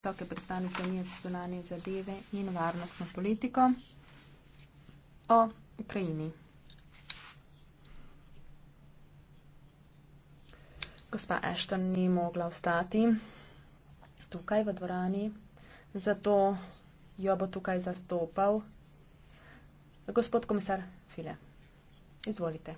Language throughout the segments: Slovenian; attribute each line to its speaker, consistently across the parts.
Speaker 1: toke predstavnice Unije za zunanje zadeve in varnostno politiko o Ukrajini. Gospa Ashton ni mogla ostati tukaj v dvorani, zato jo bo tukaj zastopal gospod komisar File. Izvolite.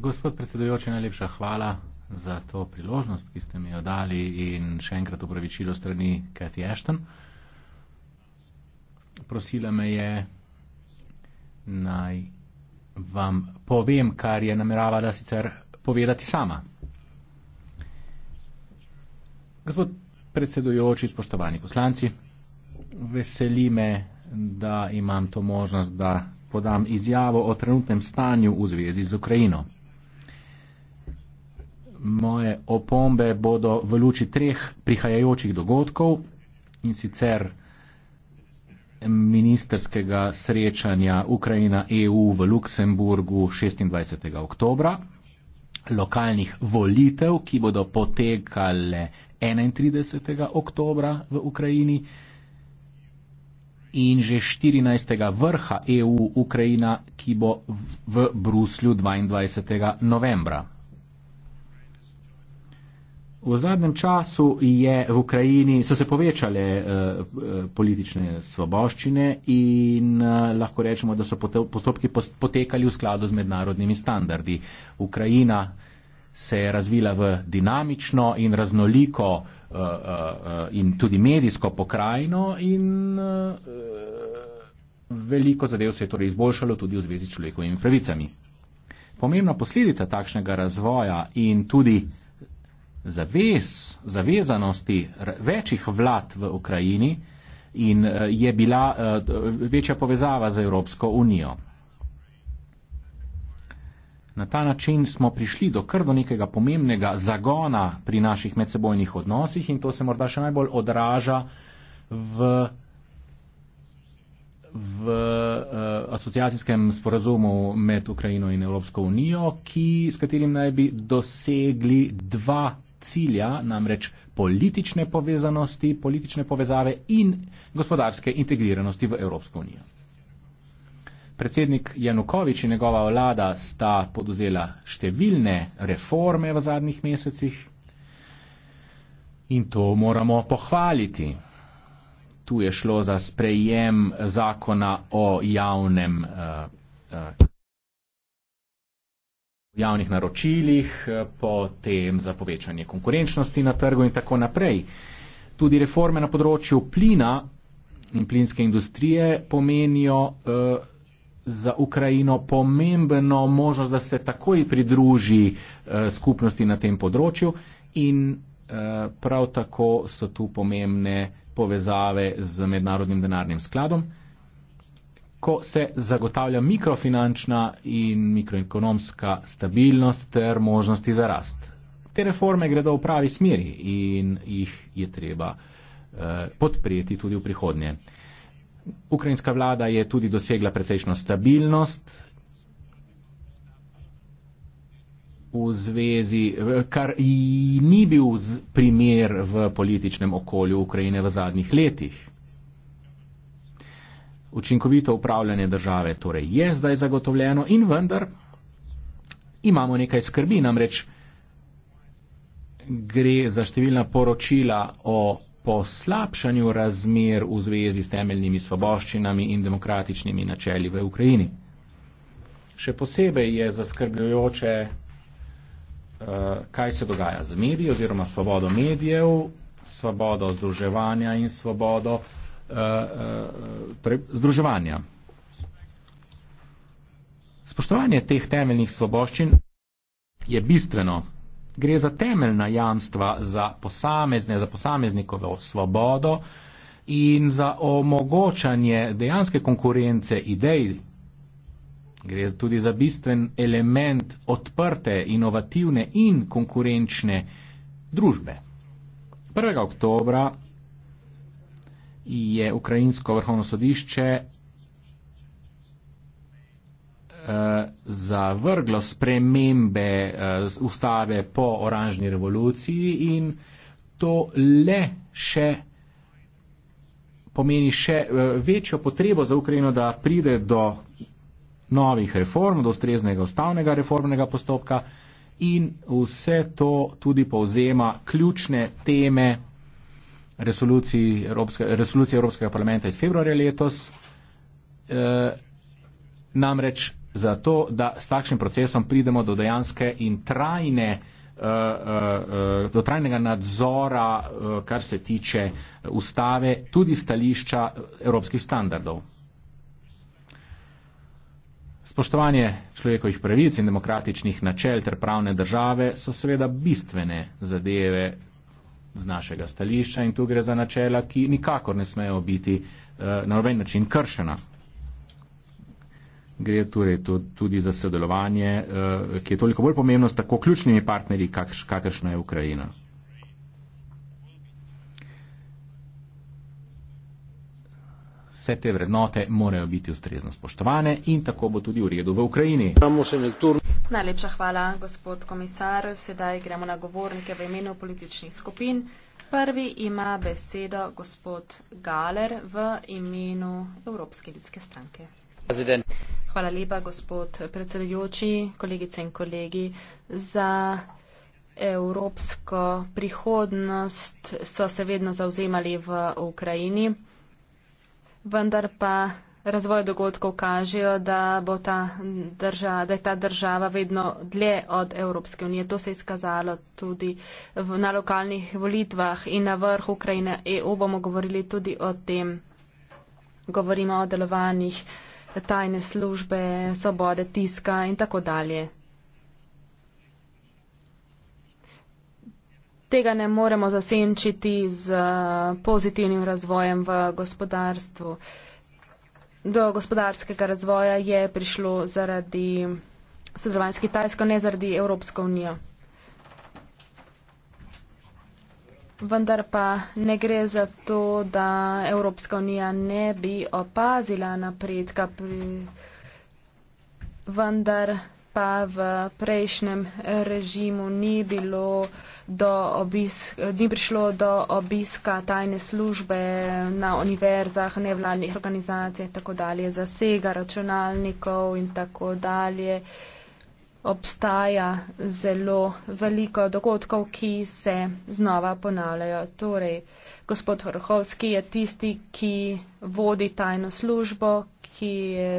Speaker 2: Gospod predsedujoči, najlepša hvala za to priložnost, ki ste mi jo dali in še enkrat upravičilo strani Kathy Ashton. Prosila me je, naj vam povem, kar je nameravala sicer povedati sama. Gospod predsedujoči, spoštovani poslanci, veseli me, da imam to možnost, da podam izjavo o trenutnem stanju v zvezi z Ukrajino moje opombe bodo v luči treh prihajajočih dogodkov in sicer ministerskega srečanja Ukrajina-EU v Luksemburgu 26. oktobra, lokalnih volitev, ki bodo potekale 31. oktobra v Ukrajini in že 14. vrha EU-Ukrajina, ki bo v Bruslju 22. novembra. V zadnjem času v Ukrajini so se povečale uh, politične svoboščine in uh, lahko rečemo, da so postopki potekali v skladu z mednarodnimi standardi. Ukrajina se je razvila v dinamično in raznoliko uh, uh, in tudi medijsko pokrajino in uh, veliko zadev se je torej izboljšalo tudi v zvezi s človekovimi pravicami. Pomembna posledica takšnega razvoja in tudi zavez, zavezanosti večjih vlad v Ukrajini in eh, je bila eh, večja povezava z Evropsko unijo. Na ta način smo prišli do kar do nekega pomembnega zagona pri naših medsebojnih odnosih in to se morda še najbolj odraža v, v uh, asociacijskem sporazumu med Ukrajino in Evropsko unijo, ki, s katerim naj bi dosegli dva cilja, namreč politične povezanosti, politične povezave in gospodarske integriranosti v Evropsko unijo. Predsednik Janukovič in njegova vlada sta poduzela številne reforme v zadnjih mesecih in to moramo pohvaliti. Tu je šlo za sprejem zakona o javnem eh, eh, javnih naročilih, eh, potem za povečanje konkurenčnosti na trgu in tako naprej. Tudi reforme na področju plina in plinske industrije pomenijo eh, za Ukrajino pomembno možnost, da se takoj pridruži eh, skupnosti na tem področju in eh, prav tako so tu pomembne povezave z mednarodnim denarnim skladom ko se zagotavlja mikrofinančna in mikroekonomska stabilnost ter možnosti za rast. Te reforme gredo v pravi smeri in jih je treba eh, podpreti tudi v prihodnje. Ukrajinska vlada je tudi dosegla precejšno stabilnost, zvezi, eh, kar ni bil primer v političnem okolju Ukrajine v zadnjih letih učinkovito upravljanje države torej je zdaj zagotovljeno in vendar imamo nekaj skrbi, namreč gre za številna poročila o poslabšanju razmer v zvezi s temeljnimi svoboščinami in demokratičnimi načeli v Ukrajini. Še posebej je zaskrbljujoče, eh, kaj se dogaja z mediji oziroma svobodo medijev, svobodo združevanja in svobodo Eh, eh, združevanja. Spoštovanje teh temeljnih svoboščin je bistveno. Gre za temeljna jamstva za posamezne, za posameznikovo svobodo in za omogočanje dejanske konkurence idej. Gre tudi za bistven element odprte, inovativne in konkurenčne družbe. 1. oktobra je ukrajinsko vrhovno sodišče eh, zavrglo spremembe eh, ustave po oranžni revoluciji in to le še pomeni še eh, večjo potrebo za Ukrajino, da pride do novih reform, do ustreznega ustavnega reformnega postopka in vse to tudi povzema ključne teme resoluciji Evropske, resoluciji Evropskega parlamenta iz februarja letos, eh, namreč zato, da s takšnim procesom pridemo do dejanske in trajne, eh, eh, eh do trajnega nadzora, eh, kar se tiče eh, ustave, tudi stališča eh, evropskih standardov. Spoštovanje človekovih pravic in demokratičnih načel ter pravne države so seveda bistvene zadeve z našega stališča in tu gre za načela, ki nikakor ne smejo biti eh, na noben način kršena. Gre torej tudi za sodelovanje, eh, ki je toliko bolj pomembno s tako ključnimi partnerji, kakršna je Ukrajina. Vse te vrednote morajo biti ustrezno spoštovane in tako bo tudi v redu v Ukrajini.
Speaker 1: Najlepša hvala, gospod komisar. Sedaj gremo na govornike v imenu političnih skupin. Prvi ima besedo gospod Galer v imenu Evropske ljudske stranke. President. Hvala lepa, gospod predsedujoči, kolegice in kolegi. Za evropsko prihodnost so se vedno zauzemali v Ukrajini, vendar pa razvoj dogodkov kažejo, da, ta država, da je ta država vedno dlje od Evropske unije. To se je izkazalo tudi v, na lokalnih volitvah in na vrhu Ukrajine EU bomo govorili tudi o tem. Govorimo o delovanjih tajne službe, svobode tiska in tako dalje. Tega ne moremo zasenčiti z pozitivnim razvojem v gospodarstvu. Uh, do gospodarskega razvoja je prišlo zaradi sodelovanja s Kitajsko, ne zaradi Evropsko unijo. Vendar pa ne gre za to, da Evropska unija ne bi opazila napredka, pri... vendar pa v prejšnjem režimu ni bilo do obisk, ni prišlo do obiska tajne službe na univerzah, nevladnih organizacij in tako dalje, zasega računalnikov in tako dalje. Obstaja zelo veliko dogodkov, ki se znova ponavljajo. Torej, gospod Horhovski je tisti, ki vodi tajno službo, ki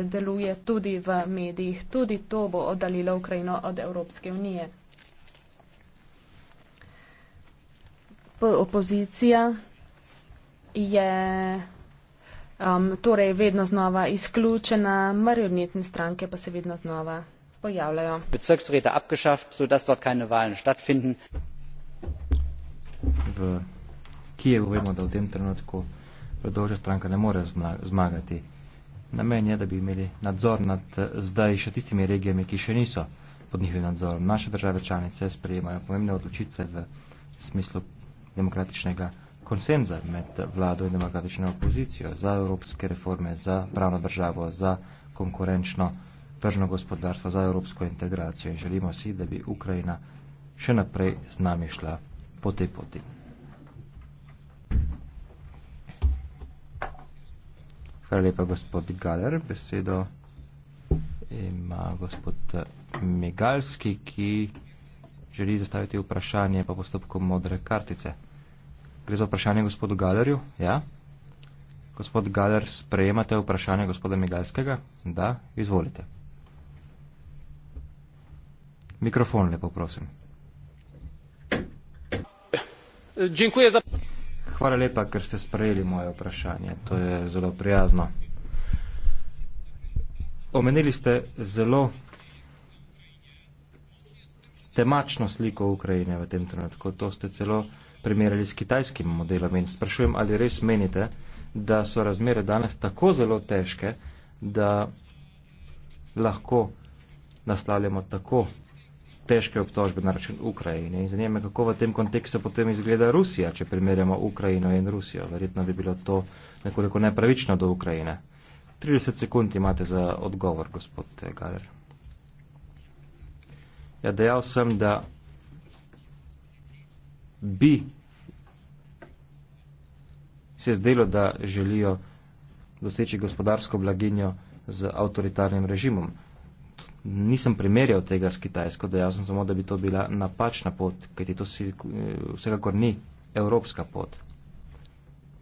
Speaker 1: deluje tudi v medijih. Tudi to bo oddaljilo Ukrajino od Evropske unije. opozicija je um, torej vedno znova izključena, marionetne stranke pa se vedno znova pojavljajo.
Speaker 3: V Kijevu vemo, da v tem trenutku predolža stranka ne more zmagati. Namen je, da bi imeli nadzor nad eh, zdaj še tistimi regijami, ki še niso pod njihovim nadzorom. Naše države članice sprejemajo pomembne odločitve v smislu demokratičnega konsenza med vlado in demokratično opozicijo za evropske reforme, za pravno državo, za konkurenčno tržno gospodarstvo, za evropsko integracijo in želimo si, da bi Ukrajina še naprej z nami šla po tej poti. Hvala lepa, gospod Galer. Besedo ima gospod Megalski, ki želi zastaviti vprašanje po postopku modre kartice. Gre za vprašanje gospodu Galerju? Ja. Gospod Galer, sprejemate vprašanje gospoda Migalskega? Da, izvolite. Mikrofon lepo prosim. Za... Hvala lepa, ker ste sprejeli moje vprašanje. To je zelo prijazno. Omenili ste zelo temačno sliko Ukrajine v tem trenutku. To ste celo primerjali s kitajskim modelom in sprašujem, ali res menite, da so razmere danes tako zelo težke, da lahko naslavljamo tako težke obtožbe na račun Ukrajine. In zanima me, kako v tem kontekstu potem izgleda Rusija, če primerjamo Ukrajino in Rusijo. Verjetno bi bilo to nekoliko nepravično do Ukrajine. 30 sekund imate za odgovor, gospod Galer. Ja, dejal sem, da bi se zdelo, da želijo doseči gospodarsko blaginjo z avtoritarnim režimom. Nisem primerjal tega s Kitajsko, dejal sem samo, da bi to bila napačna pot, kajti to si, vsekakor ni evropska pot.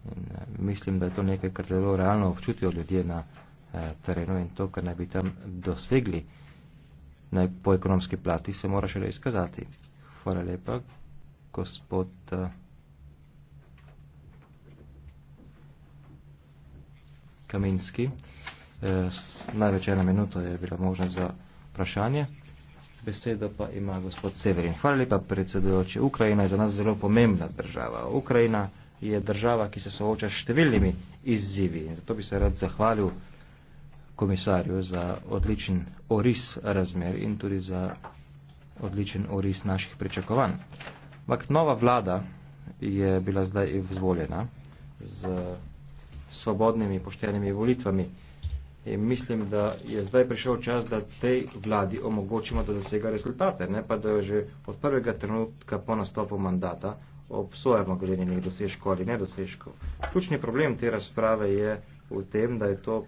Speaker 3: In eh, mislim, da je to nekaj, kar zelo realno občutijo ljudje na eh, terenu in to, kar naj bi tam dosegli ne, po ekonomski plati se mora šele izkazati. Hvala lepa, gospod. Eh, Kaminski. E, največ ena minuta je bila možna za vprašanje. Besedo pa ima gospod Severin. Hvala lepa, predsedujoče. Ukrajina je za nas zelo pomembna država. Ukrajina je država, ki se sooča s številnimi izzivi. In zato bi se rad zahvalil komisarju za odličen oris razmer in tudi za odličen oris naših pričakovanj. Vak nova vlada je bila zdaj izvoljena z svobodnimi poštenimi volitvami in mislim, da je zdaj prišel čas, da tej vladi omogočimo, da dosega rezultate, ne pa da jo že od prvega trenutka po nastopu mandata obsojamo glede njenih dosežkov ali nedosežkov. Ključni problem te razprave je v tem, da je to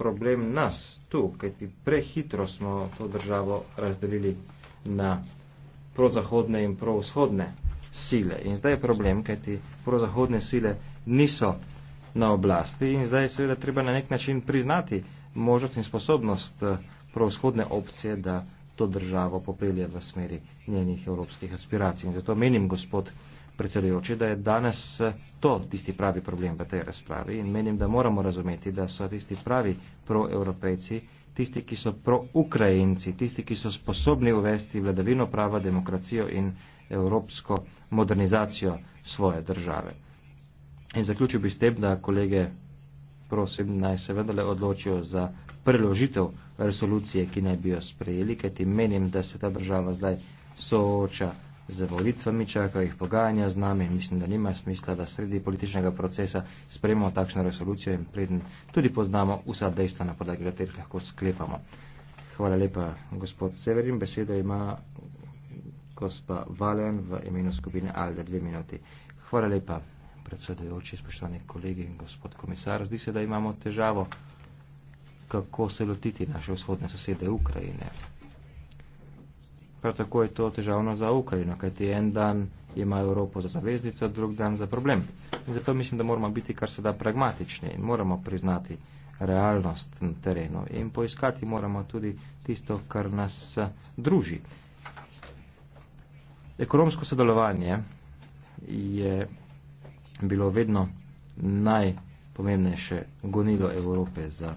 Speaker 3: problem nas tu, kajti prehitro smo to državo razdelili na prozahodne in provzhodne sile. In zdaj je problem, kajti prozahodne sile niso na oblasti in zdaj je seveda treba na nek način priznati možnost in sposobnost eh, provzhodne opcije, da to državo popelje v smeri njenih evropskih aspiracij. In zato menim, gospod, predsedujoči, da je danes eh, to tisti pravi problem v tej razpravi in menim, da moramo razumeti, da so tisti pravi proevropejci, tisti, ki so proukrajinci, tisti, ki so sposobni uvesti vladavino prava, demokracijo in evropsko modernizacijo svoje države. In zaključil bi s tem, da kolege prosim naj se vendarle odločijo za preložitev resolucije, ki naj bi jo sprejeli, kajti menim, da se ta država zdaj sooča z volitvami, čakajo jih pogajanja z nami. Mislim, da nima smisla, da sredi političnega procesa sprejmemo takšno resolucijo in preden tudi poznamo vsa dejstva, na podlagi katerih lahko sklepamo. Hvala lepa, gospod Severin. Besedo ima gospa Valen v imenu skupine Alde. Dve minuti. Hvala lepa, predsedujoči, spoštovani kolegi in gospod komisar. Zdi se, da imamo težavo, kako se lotiti naše vzhodne sosede Ukrajine. Prav tako je to težavno za Ukrajino, kajti en dan ima Evropo za zaveznico, drug dan za problem. In zato mislim, da moramo biti kar se da pragmatični in moramo priznati realnost na terenu in poiskati moramo tudi tisto, kar nas eh, druži. Ekonomsko sodelovanje je bilo vedno najpomembnejše gonilo Evrope za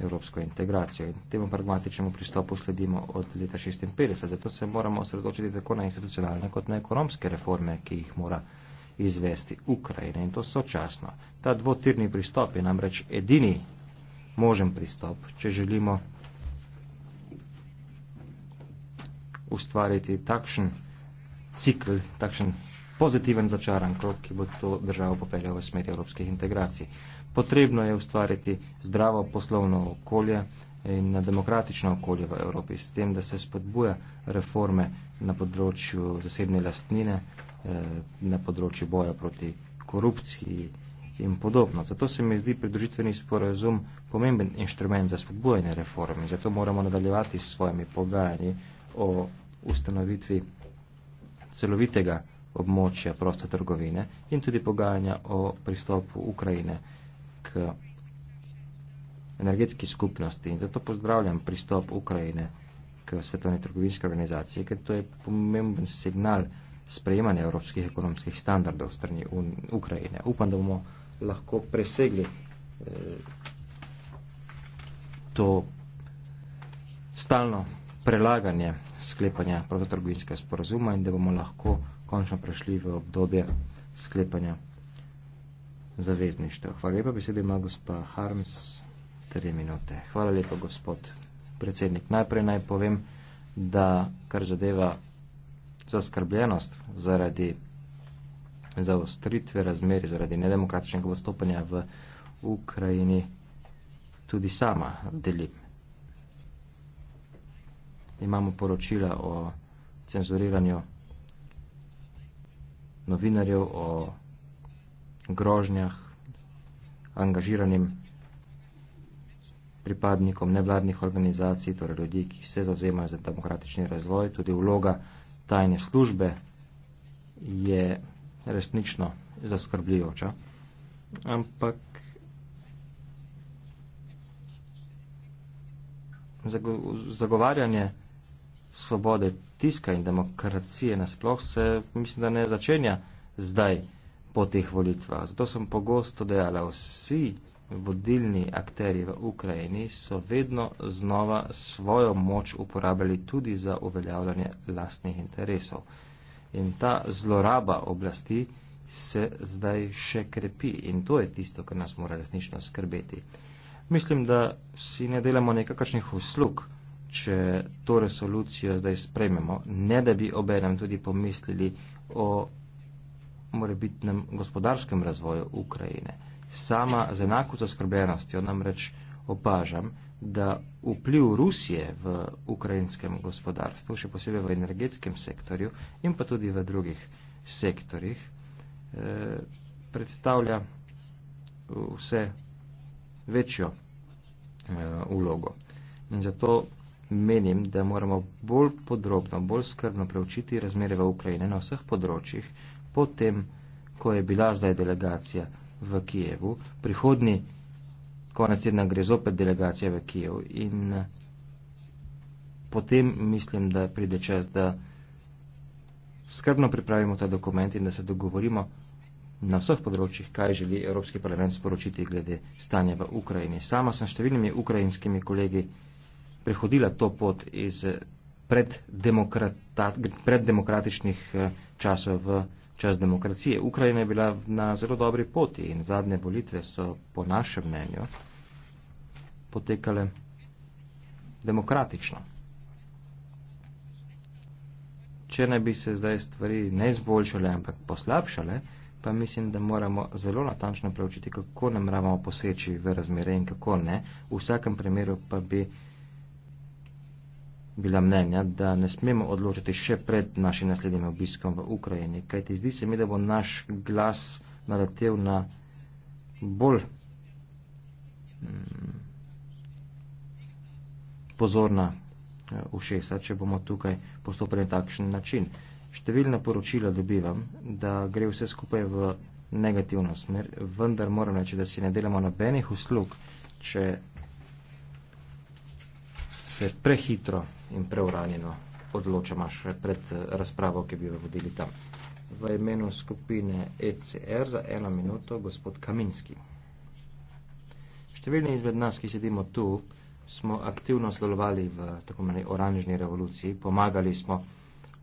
Speaker 3: evropsko integracijo. In temu pragmatičnemu pristopu sledimo od leta 1956, zato se moramo osredotočiti tako na institucionalne kot na ekonomske reforme, ki jih mora izvesti Ukrajina in to sočasno. Ta dvotirni pristop je namreč edini možen pristop, če želimo ustvariti takšen cikl, takšen pozitiven začaran krok, ki bo to državo popeljal v smeri evropskih integracij. Potrebno je ustvariti zdravo poslovno okolje in demokratično okolje v Evropi s tem, da se spodbuja reforme na področju zasebne lastnine, eh, na področju boja proti korupciji in podobno. Zato se mi zdi pridružitveni sporazum pomemben inštrument za spodbujanje reform in zato moramo nadaljevati s svojimi pogajanji o ustanovitvi celovitega območja proste trgovine in tudi pogajanja o pristopu Ukrajine k energetski skupnosti. In zato pozdravljam pristop Ukrajine k svetovni trgovinski organizaciji, ker to je pomemben signal sprejemanja evropskih ekonomskih standardov strani Ukrajine. Upam, da bomo lahko presegli eh, to stalno prelaganje sklepanja prototrgovinskega sporazuma in da bomo lahko končno prešli v obdobje sklepanja zavezništva. Hvala lepa, besede ima gospa Harms, tri minute. Hvala lepa, gospod predsednik. Najprej naj povem, da kar zadeva zaskrbljenost zaradi zaostritve razmeri, zaradi nedemokratičnega postopanja v Ukrajini, tudi sama delim. Imamo poročila o cenzuriranju novinarjev, o grožnjah, angažiranim pripadnikom nevladnih organizacij, torej ljudi, ki se zavzemajo za demokratični razvoj. Tudi vloga tajne službe je resnično zaskrbljujoča. Ampak zagovarjanje svobode tiska in demokracije nasploh se, mislim, da ne začenja zdaj po teh volitvah. Zato sem pogosto dejala, vsi vodilni akteri v Ukrajini so vedno znova svojo moč uporabljali tudi za uveljavljanje lastnih interesov. In ta zloraba oblasti se zdaj še krepi in to je tisto, kar nas mora resnično skrbeti. Mislim, da si ne delamo nekakšnih uslug če to resolucijo zdaj sprejmemo, ne da bi obenem tudi pomislili o morebitnem gospodarskem razvoju Ukrajine. Sama z enako zaskrbljenostjo namreč opažam, da vpliv Rusije v ukrajinskem gospodarstvu, še posebej v energetskem sektorju in pa tudi v drugih sektorjih, eh, predstavlja vse večjo eh, vlogo. In zato menim, da moramo bolj podrobno, bolj skrbno preučiti razmere v Ukrajini na vseh področjih, potem, ko je bila zdaj delegacija v Kijevu, prihodni konec tedna gre zopet delegacija v Kijev in eh, potem mislim, da pride čas, da skrbno pripravimo ta dokument in da se dogovorimo na vseh področjih, kaj želi Evropski parlament sporočiti glede stanja v Ukrajini. Sama sem številnimi ukrajinskimi kolegi prehodila to pot iz eh, preddemokratičnih eh, časov v čas demokracije. Ukrajina je bila na zelo dobri poti in zadnje volitve so po našem mnenju potekale demokratično. Če ne bi se zdaj stvari ne izboljšale, ampak poslabšale, pa mislim, da moramo zelo natančno preučiti, kako nam ravamo poseči v razmere in kako ne. V vsakem primeru pa bi bila mnenja, da ne smemo odločiti še pred našim naslednjim obiskom v Ukrajini, kajti zdi se mi, da bo naš glas naletel na bolj mm, pozorna eh, ušesa, če bomo tukaj postopili na takšen način. Številna poročila dobivam, da gre vse skupaj v negativno smer, vendar moram reči, da si ne delamo nobenih uslug, če se prehitro in preuranjeno odločamo še pred eh, razpravo, ki bi jo vodili tam. V imenu skupine ECR za eno minuto gospod Kaminski. Številni izmed nas, ki sedimo tu, smo aktivno sodelovali v tako imenovani oranžni revoluciji, pomagali smo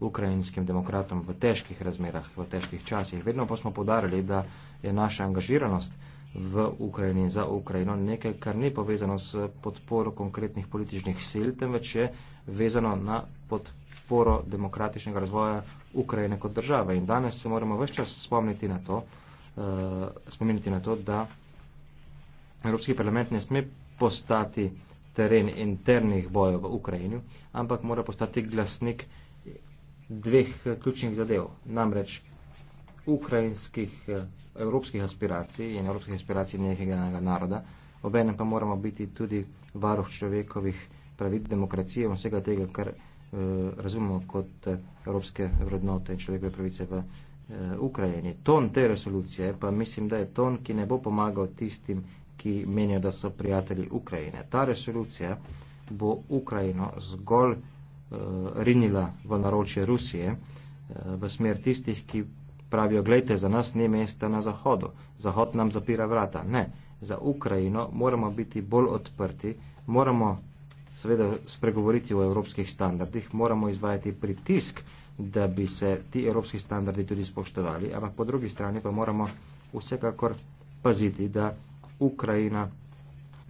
Speaker 3: ukrajinskim demokratom v težkih razmerah, v težkih časih. Vedno pa smo podarili, da je naša angažiranost v Ukrajini za Ukrajino. Nekaj, kar ni povezano s podporo konkretnih političnih sil, temveč je vezano na podporo demokratičnega razvoja Ukrajine kot države. In danes se moramo vse čas spomniti na to, uh, eh, spomniti na to, da Evropski parlament ne sme postati teren internih bojev v Ukrajini, ampak mora postati glasnik dveh ključnih zadev. Namreč ukrajinskih eh, evropskih aspiracij in evropskih aspiracij nekega naroda, obenem pa moramo biti tudi varuh človekovih pravit demokracije in vsega tega, kar e, razumemo kot eh, evropske vrednote in človekove pravice v e, Ukrajini. Ton te resolucije pa mislim, da je ton, ki ne bo pomagal tistim, ki menijo, da so prijatelji Ukrajine. Ta resolucija bo Ukrajino zgolj e, rinila v naročje Rusije e, v smer tistih, ki pravijo, gledajte, za nas ni mesta na zahodu, zahod nam zapira vrata. Ne, za Ukrajino moramo biti bolj odprti, moramo seveda spregovoriti o evropskih standardih, moramo izvajati pritisk, da bi se ti evropski standardi tudi spoštovali, ampak po drugi strani pa moramo vsekakor paziti, da Ukrajina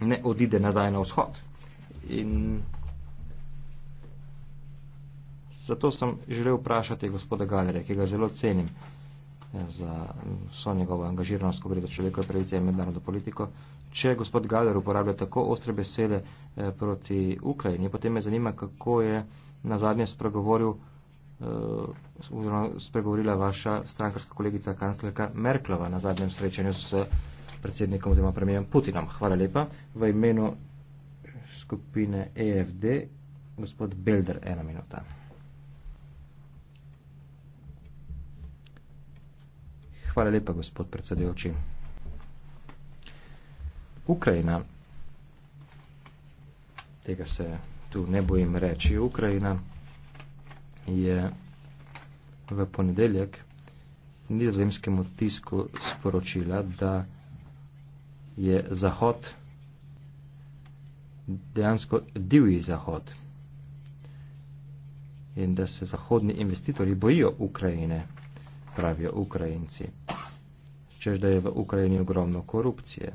Speaker 3: ne odide nazaj na vzhod. In zato sem želel vprašati gospoda Galere, ki ga zelo cenim za vso njegovo angažiranost, ko gre za človekove pravice in mednarodno politiko. Če gospod Galer uporablja tako ostre besede eh, proti Ukrajini, potem me zanima, kako je na zadnje spregovoril eh, oziroma spregovorila vaša strankarska kolegica kanclerka Merklova na zadnjem srečanju s predsednikom oziroma premijem Putinom. Hvala lepa. V imenu skupine EFD, gospod Belder, ena minuta. Hvala lepa, gospod predsedujoči. Ukrajina, tega se tu ne bojim reči, Ukrajina je v ponedeljek nizozemskemu tisku sporočila, da je Zahod dejansko divji Zahod in da se zahodni investitorji bojijo Ukrajine, pravijo Ukrajinci češ da je v Ukrajini ogromno korupcije.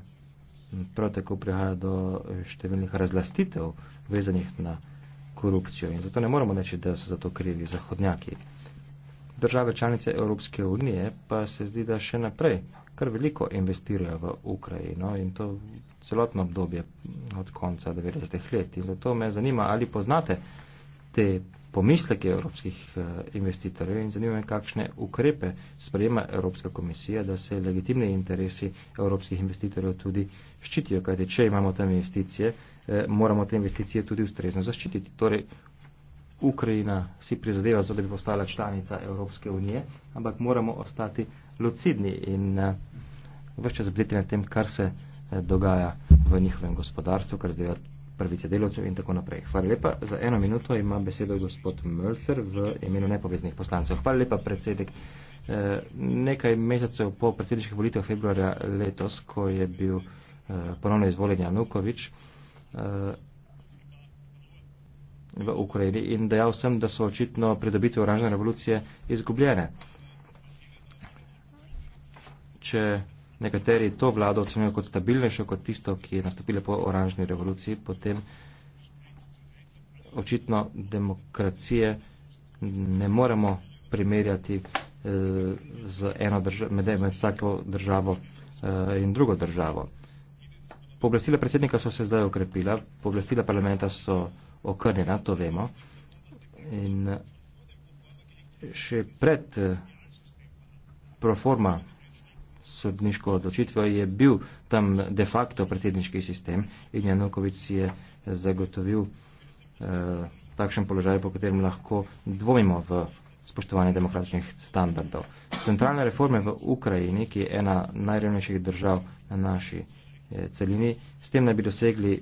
Speaker 3: Prav tako prihaja do številnih razlastitev vezanih na korupcijo in zato ne moramo reči, da so za to krivi zahodnjaki. Države članice Evropske unije pa se zdi, da še naprej kar veliko investirajo v Ukrajino in to celotno obdobje od konca 90-ih let. In zato me zanima, ali poznate te pomisleke evropskih eh, investitorjev in zanima me, kakšne ukrepe sprejema Evropska komisija, da se legitimni interesi evropskih investitorjev tudi ščitijo, kajti če imamo tam investicije, eh, moramo te investicije tudi ustrezno zaščititi. Torej, Ukrajina si prizadeva, da bi postala članica Evropske unije, ampak moramo ostati lucidni in eh, vse čas bliti na tem, kar se dogaja v njihovem gospodarstvu, kar zdaj pravice delovcev in tako naprej. Hvala lepa. Za eno minuto ima besedo gospod Mölfer v imenu nepoveznih poslancev. Hvala lepa, predsednik. Eh, nekaj mesecev po predsedniških volitev februarja letos, ko je bil eh, ponovno izvoljen Janukovič eh, v Ukrajini in dejal sem, da so očitno pridobitve oranžne revolucije izgubljene. Če Nekateri to vlado ocenijo kot stabilnejšo kot tisto, ki je nastopila po oranžni revoluciji, potem očitno demokracije ne moremo primerjati eh, z eno državo, med, med vsako državo eh, in drugo državo. Poblastila predsednika so se zdaj okrepila, poblastila parlamenta so okrnjena, to vemo. In še pred eh, proforma sodniško odločitvo je bil tam de facto predsedniški sistem in Janukovič si je zagotovil eh, takšen položaj, po katerem lahko dvomimo v spoštovanje demokratičnih standardov. Centralne reforme v Ukrajini, ki je ena najrevnejših držav na naši eh, celini, s tem naj bi dosegli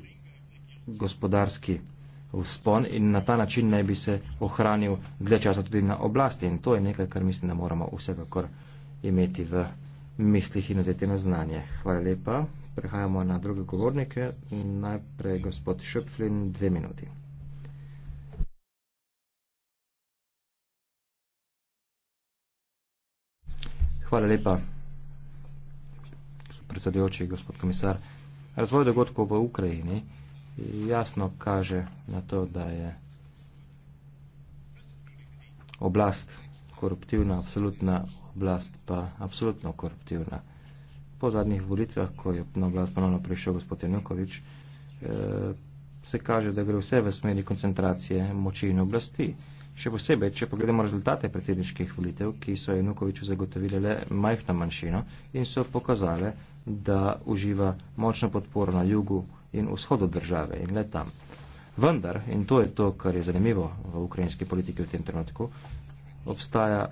Speaker 3: gospodarski vzpon in na ta način naj bi se ohranil dlje časa tudi na oblasti in to je nekaj, kar mislim, da moramo vsekakor imeti v mislih in vzeti na znanje. Hvala lepa. Prehajamo na druge govornike. Najprej gospod Šöpflin, dve minuti. Hvala lepa, predsedujoči gospod komisar. Razvoj dogodkov v Ukrajini jasno kaže na to, da je oblast koruptivna, absolutna oblast pa absolutno koruptivna. Po zadnjih volitvah, ko je na oblast ponovno prišel gospod Janukovič, eh, se kaže, da gre vse v smeri koncentracije moči in oblasti. Še posebej, če pogledamo rezultate predsedniških volitev, ki so Janukoviču zagotovile le majhno manjšino in so pokazale, da uživa močno podporo na jugu in vzhodu države in le tam. Vendar, in to je to, kar je zanimivo v ukrajinski politiki v tem trenutku, obstaja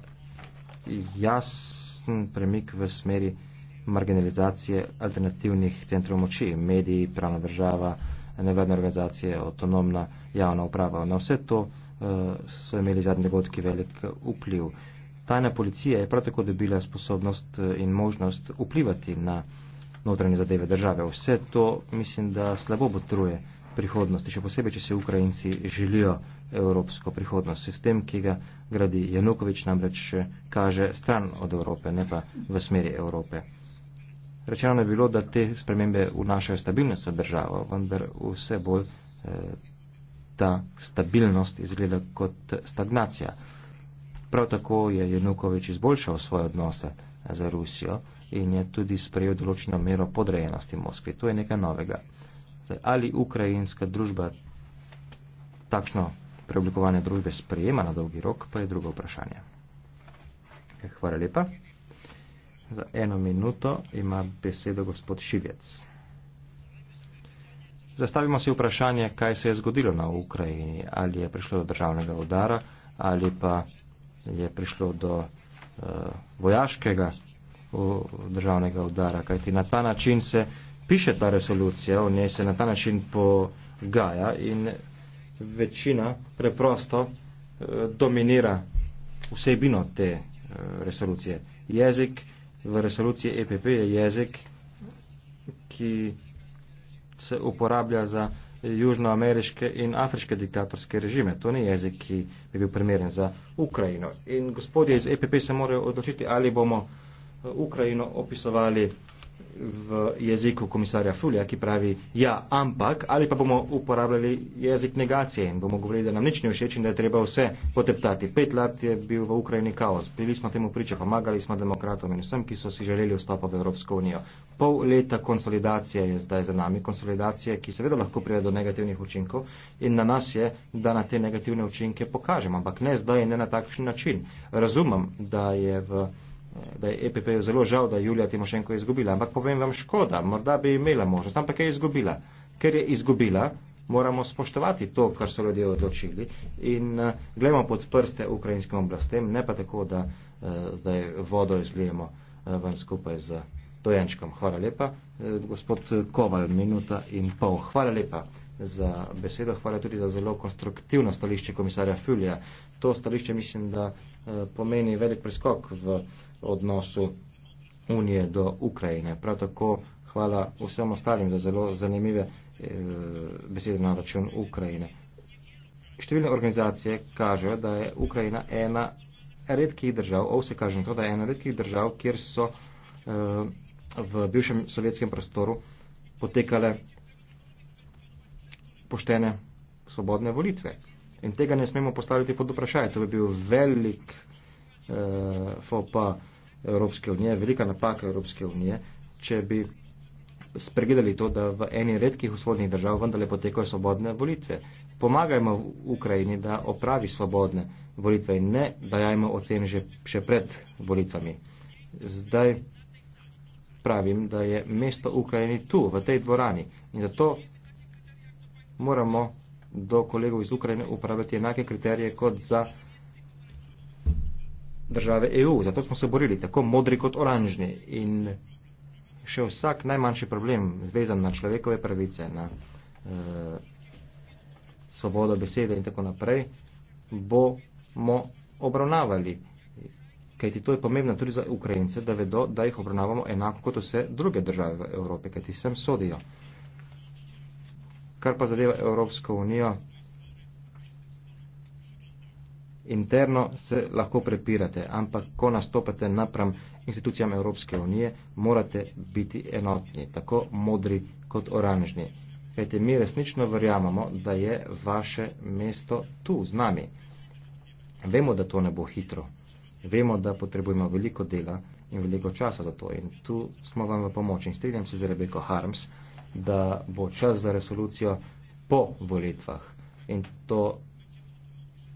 Speaker 3: jasen premik v smeri marginalizacije alternativnih centrov moči, mediji, pravna država, nevedne organizacije, autonomna javna uprava. Na vse to uh, so imeli zadnji dogodki velik eh, vpliv. Tajna policija je prav tako dobila sposobnost eh, in možnost vplivati na notranje zadeve države. Vse to mislim, da slabo botruje uh, prihodnosti, še posebej, če se Ukrajinci želijo evropsko prihodnost. Sistem, ki ga gradi Janukovič, namreč kaže stran od Evrope, ne pa v smeri Evrope. Rečeno je bilo, da te spremembe vnašajo stabilnost v državo, vendar vse bolj eh, ta stabilnost izgleda kot stagnacija. Prav tako je Janukovič izboljšal svoje odnose eh, za Rusijo in je tudi sprejel določeno mero podrejenosti Moskvi. To je nekaj novega ali ukrajinska družba takšno preoblikovanje družbe sprejema na dolgi rok, pa je drugo vprašanje. Ja, hvala lepa. Za eno minuto ima besedo gospod Šivec. Zastavimo si vprašanje, kaj se je zgodilo na Ukrajini. Ali je prišlo do državnega udara, ali pa je prišlo do uh, vojaškega uh, državnega udara. Kajti na ta način se uh, piše ta resolucija, v njej se na ta način pogaja in večina preprosto eh, dominira vsebino te eh, resolucije. Jezik v resoluciji EPP je jezik, ki se uporablja za južnoameriške in afriške diktatorske režime. To ni jezik, ki bi bil primeren za Ukrajino. In gospodje iz EPP se morajo odločiti, ali bomo eh, Ukrajino opisovali v jeziku komisarja Fulja, ki pravi, ja, ampak, ali pa bomo uporabljali jezik negacije in bomo govorili, da nam nič ne všeč in da je treba vse poteptati. Pet let je bil v Ukrajini kaos, bili smo temu priča, pomagali smo demokratom in vsem, ki so si želeli vstopa v Evropsko unijo. Pol leta konsolidacije je zdaj za nami, konsolidacije, ki seveda lahko pride do negativnih učinkov in na nas je, da na te negativne učinke pokažemo, ampak ne zdaj in ne na takšen način. Razumem, da je v da je EPP zelo žal, da je Julija Timošenko izgubila. Ampak povem vam, škoda, morda bi imela možnost, ampak je izgubila. Ker je izgubila, moramo spoštovati to, kar so ljudje odločili in uh, eh, gledamo pod prste ukrajinskim oblastem, ne pa tako, da uh, zdaj vodo izlijemo uh, ven skupaj z dojenčkom. Hvala lepa, uh, gospod Koval, minuta in pol. Hvala lepa za besedo, hvala tudi za zelo konstruktivno stališče komisarja Fulja. To stališče mislim, da uh, pomeni velik preskok v. Uh, odnosu Unije do Ukrajine. Prav tako hvala vsem ostalim za zelo zanimive e, besede na račun Ukrajine. Številne organizacije kažejo, da je Ukrajina ena redkih držav, ovse kaže to, da je ena redkih držav, kjer so e, v bivšem sovjetskem prostoru potekale poštene svobodne volitve. In tega ne smemo postaviti pod vprašanje. To bi bil velik e, eh, fopa. Evropske unije, velika napaka Evropske unije, če bi spregledali to, da v eni redkih vzhodnih držav vendarle potekajo svobodne volitve. Pomagajmo Ukrajini, da opravi svobodne volitve in ne dajajmo ocen že, še pred volitvami. Zdaj pravim, da je mesto Ukrajini tu, v tej dvorani in zato moramo do kolegov iz Ukrajine uporabljati enake kriterije kot za države EU. Zato smo se borili tako modri kot oranžni. In še vsak najmanjši problem zvezan na človekove pravice, na eh, svobodo besede in tako naprej, bomo obravnavali. Kajti to je pomembno tudi za Ukrajince, da vedo, da jih obravnavamo enako kot vse druge države v Evropi, kajti sem sodijo. Kar pa zadeva Evropsko unijo, interno se lahko prepirate, ampak ko nastopate napram institucijam Evropske unije, morate biti enotni, tako modri kot oranžni. Kajte, mi resnično verjamamo, da je vaše mesto tu, z nami. Vemo, da to ne bo hitro. Vemo, da potrebujemo veliko dela in veliko časa za to. In tu smo vam v pomoč. In strinjam se z Rebeko Harms, da bo čas za resolucijo po volitvah. In to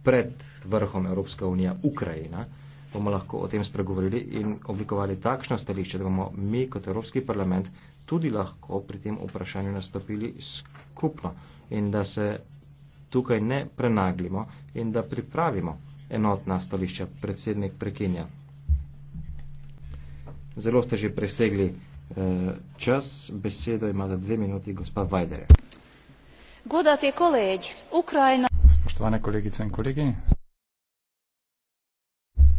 Speaker 3: pred vrhom Evropska unija Ukrajina, bomo lahko o tem spregovorili in oblikovali takšno stališče, da bomo mi kot Evropski parlament tudi lahko pri tem vprašanju nastopili skupno in da se tukaj ne prenaglimo in da pripravimo enotna stališča. Predsednik prekinja. Zelo ste že presegli eh, čas, besedo ima za dve minuti
Speaker 4: gospa Vajdere.
Speaker 5: Godate kolegi, Ukrajina
Speaker 4: spoštovane kolegice in kolegi.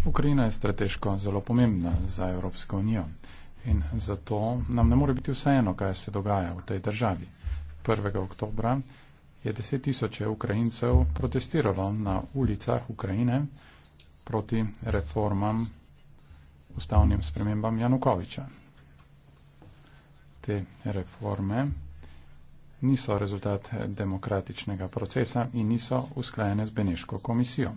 Speaker 4: Ukrajina je strateško zelo pomembna za Evropsko unijo in zato nam ne more biti vseeno, kaj se dogaja v tej državi. 1. oktobra je 10 tisoče Ukrajincev protestiralo na ulicah Ukrajine proti reformam, ustavnim spremembam Janukoviča. Te reforme niso rezultat demokratičnega procesa in niso usklajene z Beneško komisijo.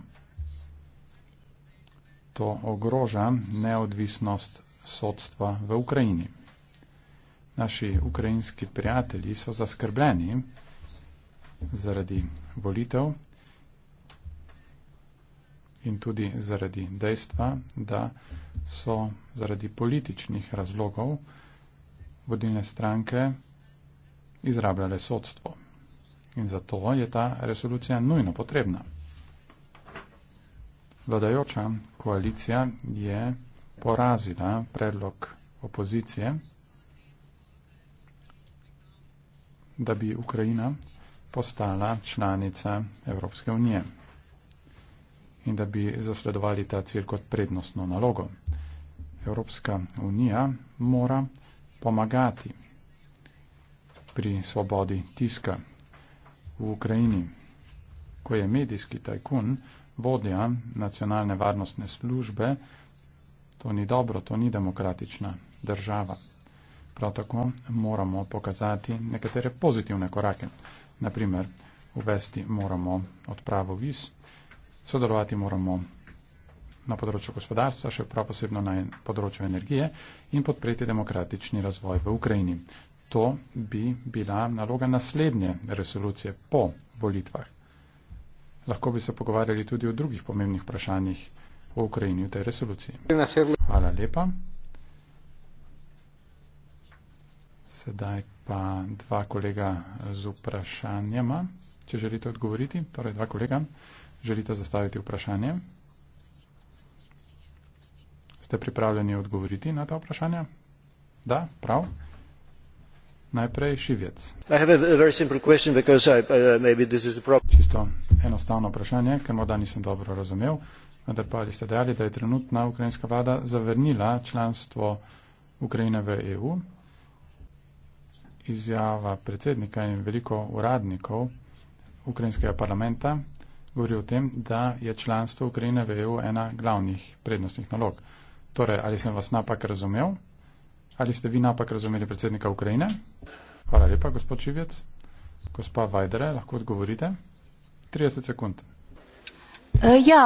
Speaker 4: To ogroža neodvisnost sodstva v Ukrajini. Naši ukrajinski prijatelji so zaskrbljeni zaradi volitev in tudi zaradi dejstva, da so zaradi političnih razlogov vodilne stranke izrabljale sodstvo. In zato je ta resolucija nujno potrebna. Vladajoča koalicija je porazila predlog opozicije, da bi Ukrajina postala članica Evropske unije in da bi zasledovali ta cilj kot prednostno nalogo. Evropska unija mora pomagati pri svobodi tiska v Ukrajini, ko je medijski tajkun vodja nacionalne varnostne službe, to ni dobro, to ni demokratična država. Prav tako moramo pokazati nekatere pozitivne korake. Naprimer, uvesti moramo odpravo viz, sodelovati moramo na področju gospodarstva, še prav posebno na področju energije in podpreti demokratični razvoj v Ukrajini. To bi bila naloga naslednje resolucije po volitvah. Lahko bi se pogovarjali tudi o drugih pomembnih vprašanjih o Ukrajini v tej resoluciji. Hvala lepa. Sedaj pa dva kolega z vprašanjama, če želite odgovoriti. Torej dva kolega, želite zastaviti vprašanje? Ste pripravljeni odgovoriti na ta vprašanja? Da, prav. Najprej šivec. Uh, Čisto enostavno vprašanje, ker morda nisem dobro razumel. Vendar pa ali ste dejali, da je trenutna ukrajinska vlada zavrnila članstvo Ukrajine v EU? Izjava predsednika in veliko uradnikov ukrajinskega parlamenta govori o tem, da je članstvo Ukrajine v EU ena glavnih prednostnih nalog. Torej, ali sem vas napak razumel? Ali ste vi napak razumeli predsednika Ukrajine? Hvala lepa, gospod Čivjec. Gospa Vajdere, lahko odgovorite. 30 sekund.
Speaker 5: E, ja,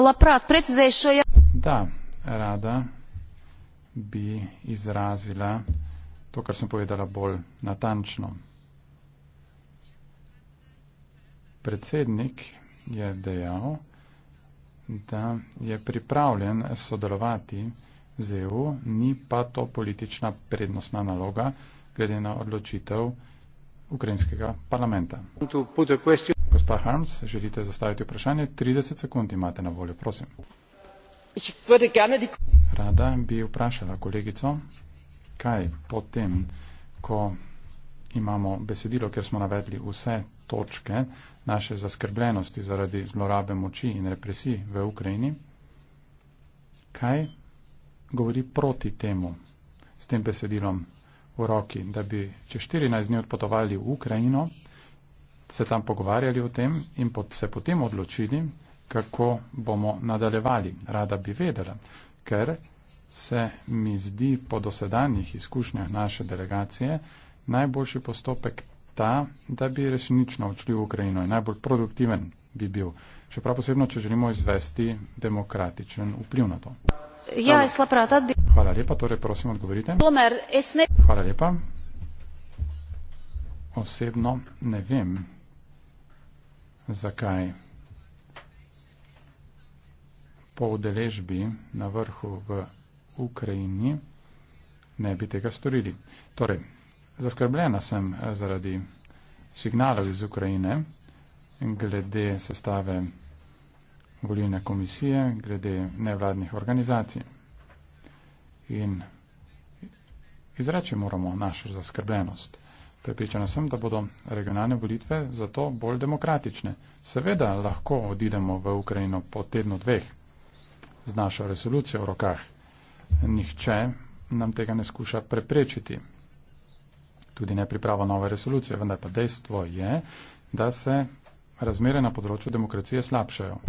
Speaker 5: laprat, predsedajšo ja.
Speaker 4: Da, rada bi izrazila to, kar sem povedala bolj natančno. Predsednik je dejal, da je pripravljen sodelovati s ZEU, ni pa to politična prednostna naloga glede na odločitev ukrajinskega parlamenta. Gospa Harms, želite zastaviti vprašanje? 30 sekund imate na voljo, prosim. Rada bi vprašala kolegico, kaj potem, ko imamo besedilo, ker smo navedli vse točke naše zaskrbljenosti zaradi zlorabe moči in represij v Ukrajini, kaj govori proti temu s tem besedilom v roki, da bi čez 14 dni odpotovali v Ukrajino, se tam pogovarjali o tem in pot, se potem odločili, kako bomo nadaljevali. Rada bi vedela, ker se mi zdi po dosedanjih izkušnjah naše delegacije najboljši postopek ta, da bi resnično odšli v Ukrajino in najbolj produktiven bi bil. Še prav posebno, če želimo izvesti demokratičen vpliv na to.
Speaker 5: Ja, jaz labrat bi.
Speaker 4: Hvala lepa, torej prosim odgovorite. Domer, ne... Hvala lepa. Osebno ne vem, zakaj po udeležbi na vrhu v Ukrajini ne bi tega storili. Torej, zaskrbljena sem eh, zaradi signalov iz Ukrajine glede sestave volilne komisije glede nevladnih organizacij. In izreči moramo našo zaskrbljenost. Prepričana sem, da bodo regionalne volitve zato bolj demokratične. Seveda lahko odidemo v Ukrajino po tednu dveh z našo resolucijo v rokah. Nihče nam tega ne skuša preprečiti. Tudi ne priprava nove resolucije, vendar pa dejstvo je, da se razmere na področju demokracije slabšajo.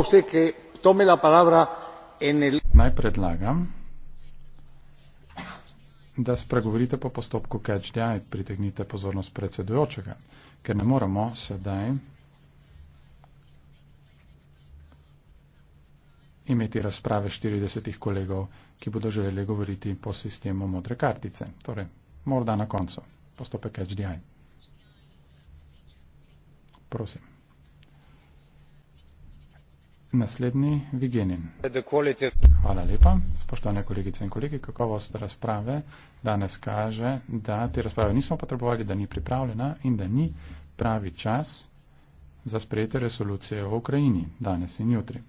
Speaker 4: Naj predlagam, da spregovorite po postopku catch the eye, pritegnite pozornost predsedujočega, ker ne moremo sedaj imeti razprave 40 kolegov, ki bodo želeli govoriti po sistemu modre kartice. Torej, morda na koncu. Postopek catch the eye. Prosim. Naslednji Vigenin. Hvala lepa. Spoštovane kolegice in kolegi, kakovost razprave danes kaže, da te razprave nismo potrebovali, da ni pripravljena in da ni pravi čas za sprejete resolucije o Ukrajini danes in jutri.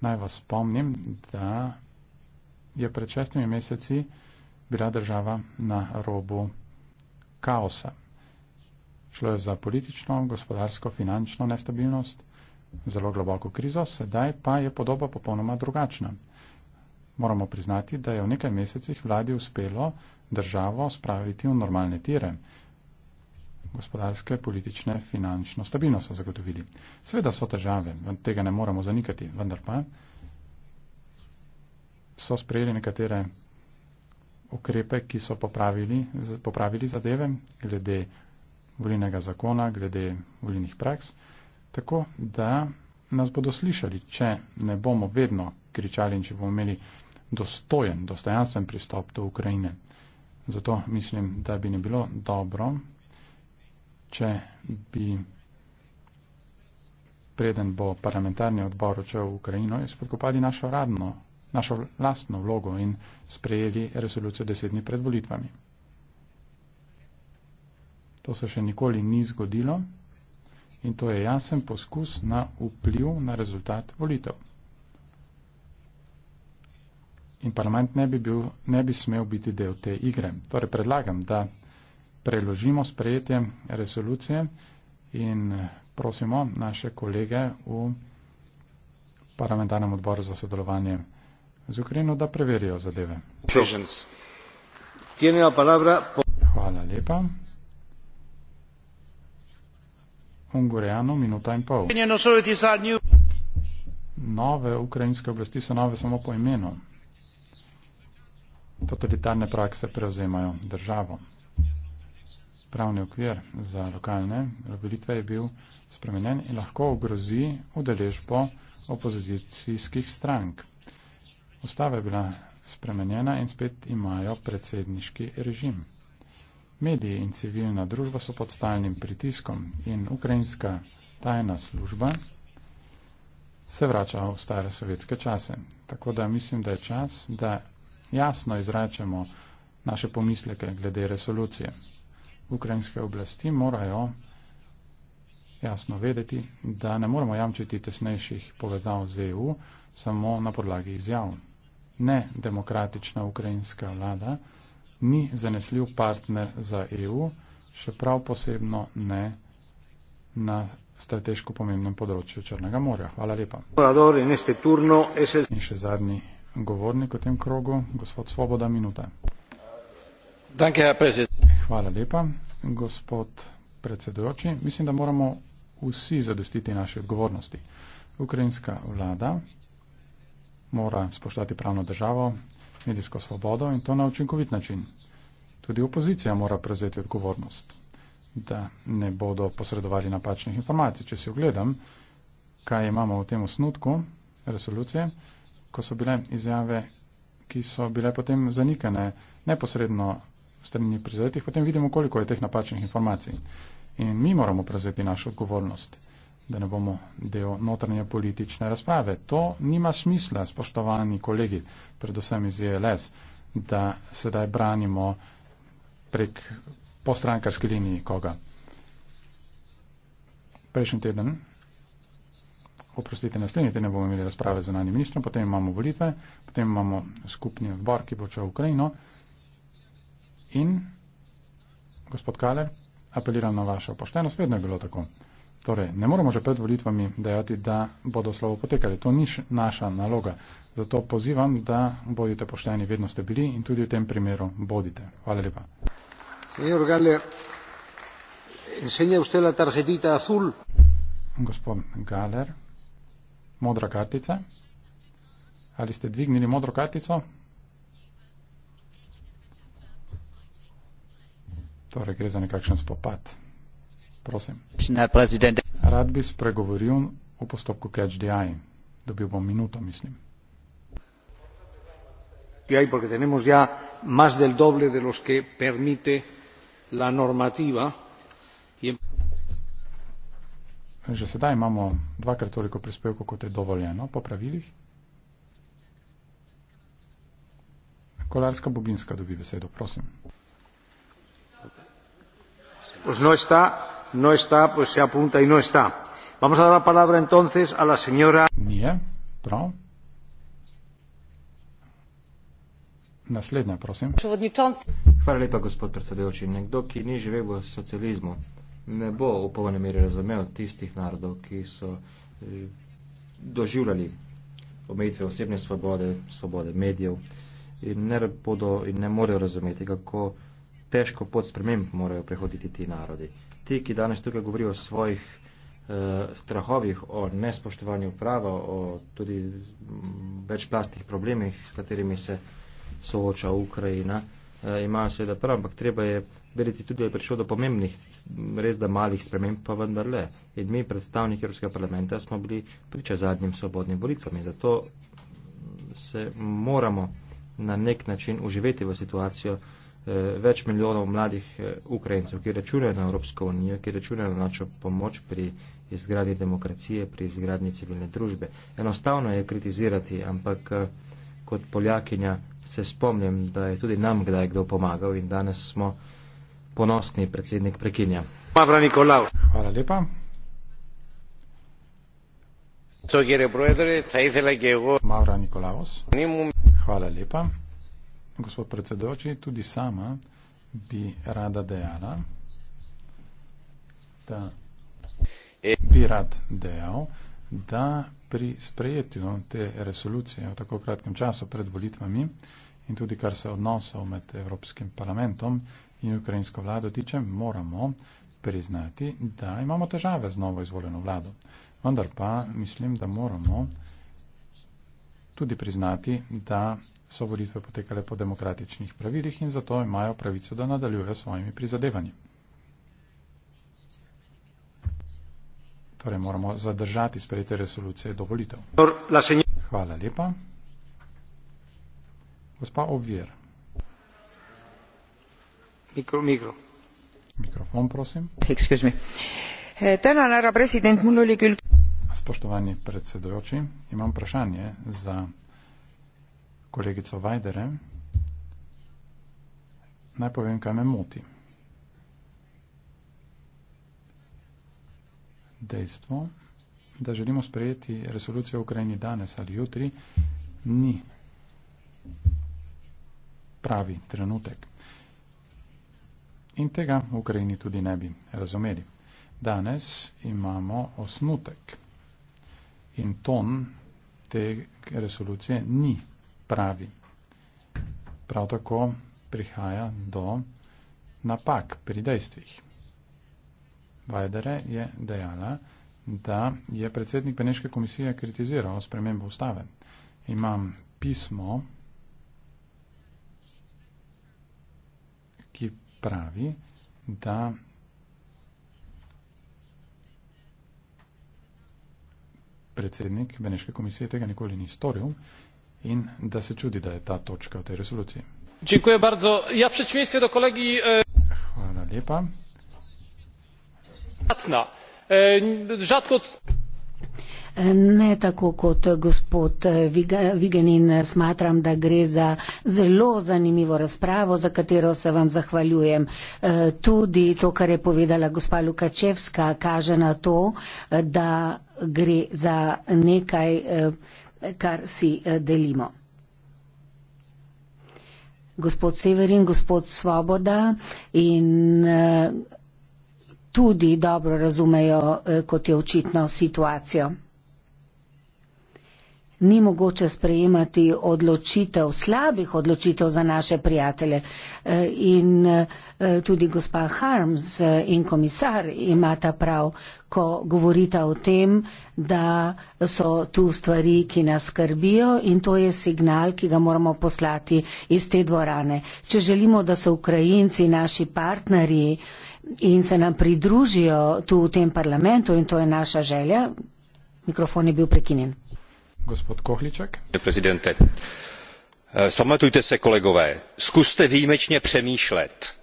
Speaker 4: Naj vas spomnim, da je pred šestimi meseci bila država na robu kaosa. Šlo je za politično, gospodarsko, finančno nestabilnost zelo globoko krizo, sedaj pa je podoba popolnoma drugačna. Moramo priznati, da je v nekaj mesecih vladi uspelo državo spraviti v normalne tire. Gospodarske, politične, finančno stabilnost so zagotovili. Sveda so težave, tega ne moremo zanikati, vendar pa so sprejeli nekatere ukrepe, ki so popravili, popravili zadeve glede volinega zakona, glede volinih praks tako da nas bodo slišali, če ne bomo vedno kričali in če bomo imeli dostojen, dostojanstven pristop do Ukrajine. Zato mislim, da bi ne bilo dobro, če bi preden bo parlamentarni odbor očel v Ukrajino, izpodkopali našo radno, našo lastno vlogo in sprejeli resolucijo deset dni pred volitvami. To se še nikoli ni zgodilo in to je jasen poskus na vpliv na rezultat volitev. In parlament ne bi, bil, ne bi smel biti del te igre. Torej predlagam, da preložimo sprejetje resolucije in prosimo naše kolege v parlamentarnem odboru za sodelovanje z Ukrajino, da preverijo zadeve. Hvala lepa. Hungarijano minuta in pol. Nove ukrajinske oblasti so nove samo po imenu. Totalitarne prakse prevzemajo državo. Pravni okvir za lokalne volitve je bil spremenjen in lahko ogrozi udeležbo opozicijskih strank. Ustava je bila spremenjena in spet imajo predsedniški režim. Mediji in civilna družba so pod stalnim pritiskom in ukrajinska tajna služba se vrača v stare sovjetske čase. Tako da mislim, da je čas, da jasno izračamo naše pomisleke glede resolucije. Ukrajinske oblasti morajo jasno vedeti, da ne moramo jamčiti tesnejših povezav z EU samo na podlagi izjav. Ne demokratična ukrajinska vlada, ni zanesljiv partner za EU, še prav posebno ne na strateško pomembnem področju Črnega morja. Hvala lepa. In še zadnji govornik v tem krogu, gospod Svoboda, minuta. Hvala lepa, gospod predsedujoči. Mislim, da moramo vsi zadostiti naše odgovornosti. Ukrajinska vlada mora spoštovati pravno državo, medijsko svobodo in to na učinkovit način. Tudi opozicija mora prevzeti odgovornost, da ne bodo posredovali napačnih informacij. Če si ogledam, kaj imamo v tem osnutku resolucije, ko so bile izjave, ki so bile potem zanikane neposredno strani prizadetih, potem vidimo, koliko je teh napačnih informacij. In mi moramo prevzeti našo odgovornost da ne bomo del notranje politične razprave. To nima smisla, spoštovani kolegi, predvsem iz ELS, da sedaj branimo prek postrankarske linije koga. Prejšnji teden, oprostite, naslednji teden bomo imeli razprave z zunanjim ministrom, potem imamo volitve, potem imamo skupni odbor, ki bo čel Ukrajino. In, gospod Kaler, apeliram na vašo poštenost, vedno je bilo tako. Torej, ne moramo že pred volitvami dejati, da bodo slovo potekali. To ni naša naloga. Zato pozivam, da bodite pošteni, vedno ste bili in tudi v tem primeru bodite. Hvala lepa.
Speaker 6: Senor Gale,
Speaker 4: enseña usted la tarjetita azul. Gospod Galer, modra kartica. Ali ste dvignili modro kartico? Torej, gre za nekakšen spopad. Prosim. Rad bi spregovoril o postopku CHDI. Dobil bom minuto, mislim.
Speaker 6: Porque tenemos ya más del doble de los que permite la normativa.
Speaker 4: Že sedaj imamo dvakrat toliko prispevkov, kot je dovoljeno po pravilih. Kolarska Bobinska dobi besedo, prosim. Znoj sta
Speaker 3: no está pues se apunta y no está vamos a dar la palabra entonces a la señora
Speaker 4: Nie, Naslednja, prosim.
Speaker 3: Hvala lepa, gospod predsedujoči. Nekdo, ki ni živel v socializmu, ne bo v polni meri razumel tistih narodov, ki so eh, doživljali omejitve osebne svobode, svobode medijev in ne, bodo, in ne morejo razumeti, kako težko pod spremem morajo prehoditi ti narodi ti, ki danes tukaj govori o svojih eh, strahovih, o nespoštovanju prava, o tudi večplastnih problemih, s katerimi se sooča Ukrajina, eh, imajo seveda prav, ampak treba je vedeti tudi, da je prišlo do pomembnih, res da malih sprememb, pa vendarle. In mi, predstavniki Evropskega parlamenta, smo bili priča zadnjim svobodnim volitvam in zato se moramo na nek način uživeti v situacijo, Eh, več milijonov mladih eh, Ukrajincev, ki računajo na Evropsko unijo, ki računajo na našo pomoč pri izgradnji demokracije, pri izgradnji civilne družbe. Enostavno je kritizirati, ampak eh, kot poljakinja se spomnim, da je tudi nam kdaj kdo pomagal in danes smo ponosni predsednik prekinja.
Speaker 6: Pavra Nikolaus.
Speaker 4: Hvala lepa. Mavra Nikolaos. Hvala lepa gospod predsedoči, tudi sama bi rada dejala, da bi rad dejal, da pri sprejetju te resolucije v tako kratkem času pred volitvami in tudi kar se odnosov med Evropskim parlamentom in ukrajinsko vlado tiče, moramo priznati, da imamo težave z novo izvoljeno vlado. Vendar pa mislim, da moramo tudi priznati, da so volitve potekale po demokratičnih pravilih in zato imajo pravico, da nadaljujejo svojimi prizadevanji. Torej moramo zadržati sprejete resolucije do volitev. Hvala lepa. Gospa Ovir. Mikro, mikro. Mikrofon, prosim.
Speaker 1: Eh, tänan, härra president, mul oli küll.
Speaker 4: Spoštovani predsedojoči, imam vprašanje za kolegico Vajdere. Naj povem, kaj me moti. Dejstvo, da želimo sprejeti resolucijo o Ukrajini danes ali jutri, ni pravi trenutek. In tega v Ukrajini tudi ne bi razumeli. Danes imamo osnutek in ton te resolucije ni pravi. Prav tako prihaja do napak pri dejstvih. Vajdere je dejala, da je predsednik Beneške komisije kritiziral spremembo ustave. Imam pismo, ki pravi, da predsednik Beneške komisije tega nikoli ni storil in da se čudi, da je ta točka v tej resoluciji.
Speaker 2: Dziękuję bardzo. Ja w przeciwieństwie do kolegi... E,
Speaker 4: Hvala lepa. E, rzadko...
Speaker 5: Ne tako kot gospod Vigenin, smatram, da gre za zelo zanimivo razpravo, za katero se vam zahvaljujem. E, tudi to, kar je povedala gospa Lukačevska, kaže na to, da gre za nekaj, e, kar si e, delimo. Gospod Severin, gospod Svoboda in tudi dobro razumejo, kot je očitno, situacijo ni mogoče sprejemati odločitev, slabih odločitev za naše prijatelje. E, in e, tudi gospa Harms e, in komisar imata prav, ko govorita o tem, da so tu stvari, ki nas skrbijo in to je signal, ki ga moramo poslati iz te dvorane. Če želimo, da so Ukrajinci naši partnerji in se nam pridružijo tu v tem parlamentu in to je naša želja, mikrofon je bil prekinjen
Speaker 4: pane
Speaker 3: předsedo eh, vzpamatujte se kolegové
Speaker 6: zkuste výjimečně přemýšlet.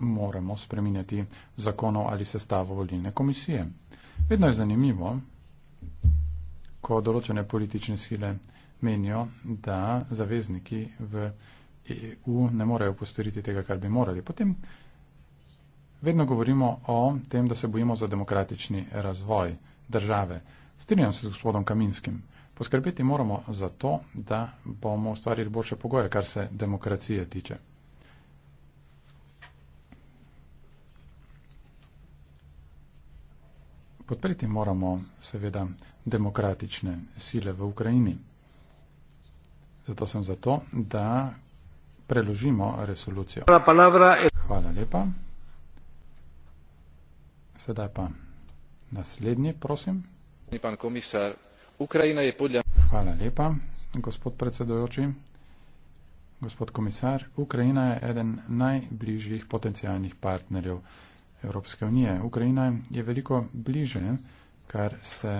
Speaker 4: moramo spreminjati zakonov ali sestavo volilne komisije. Vedno je zanimivo, ko določene politične sile menijo, da zavezniki v EU ne morejo postoriti tega, kar bi morali. Potem vedno govorimo o tem, da se bojimo za demokratični razvoj države. Strinjam se z gospodom Kaminskim. Poskrbeti moramo za to, da bomo ustvarili boljše pogoje, kar se demokracije tiče. Podpreti moramo seveda demokratične sile v Ukrajini. Zato sem za to, da preložimo resolucijo. Hvala lepa. Sedaj pa naslednji, prosim. Hvala lepa, gospod predsedojoči. Gospod komisar, Ukrajina je eden najbližjih potencijalnih partnerjev Evropske unije. Ukrajina je veliko bliže, kar se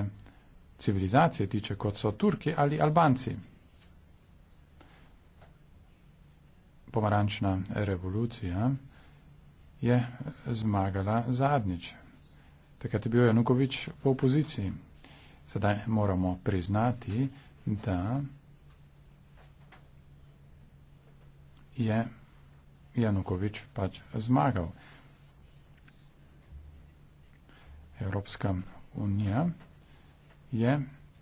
Speaker 4: civilizacije tiče, kot so Turki ali Albanci. pomarančna revolucija je zmagala zadnjič. Takrat je bil Janukovič v opoziciji. Sedaj moramo priznati, da je Janukovič pač zmagal. Evropska unija je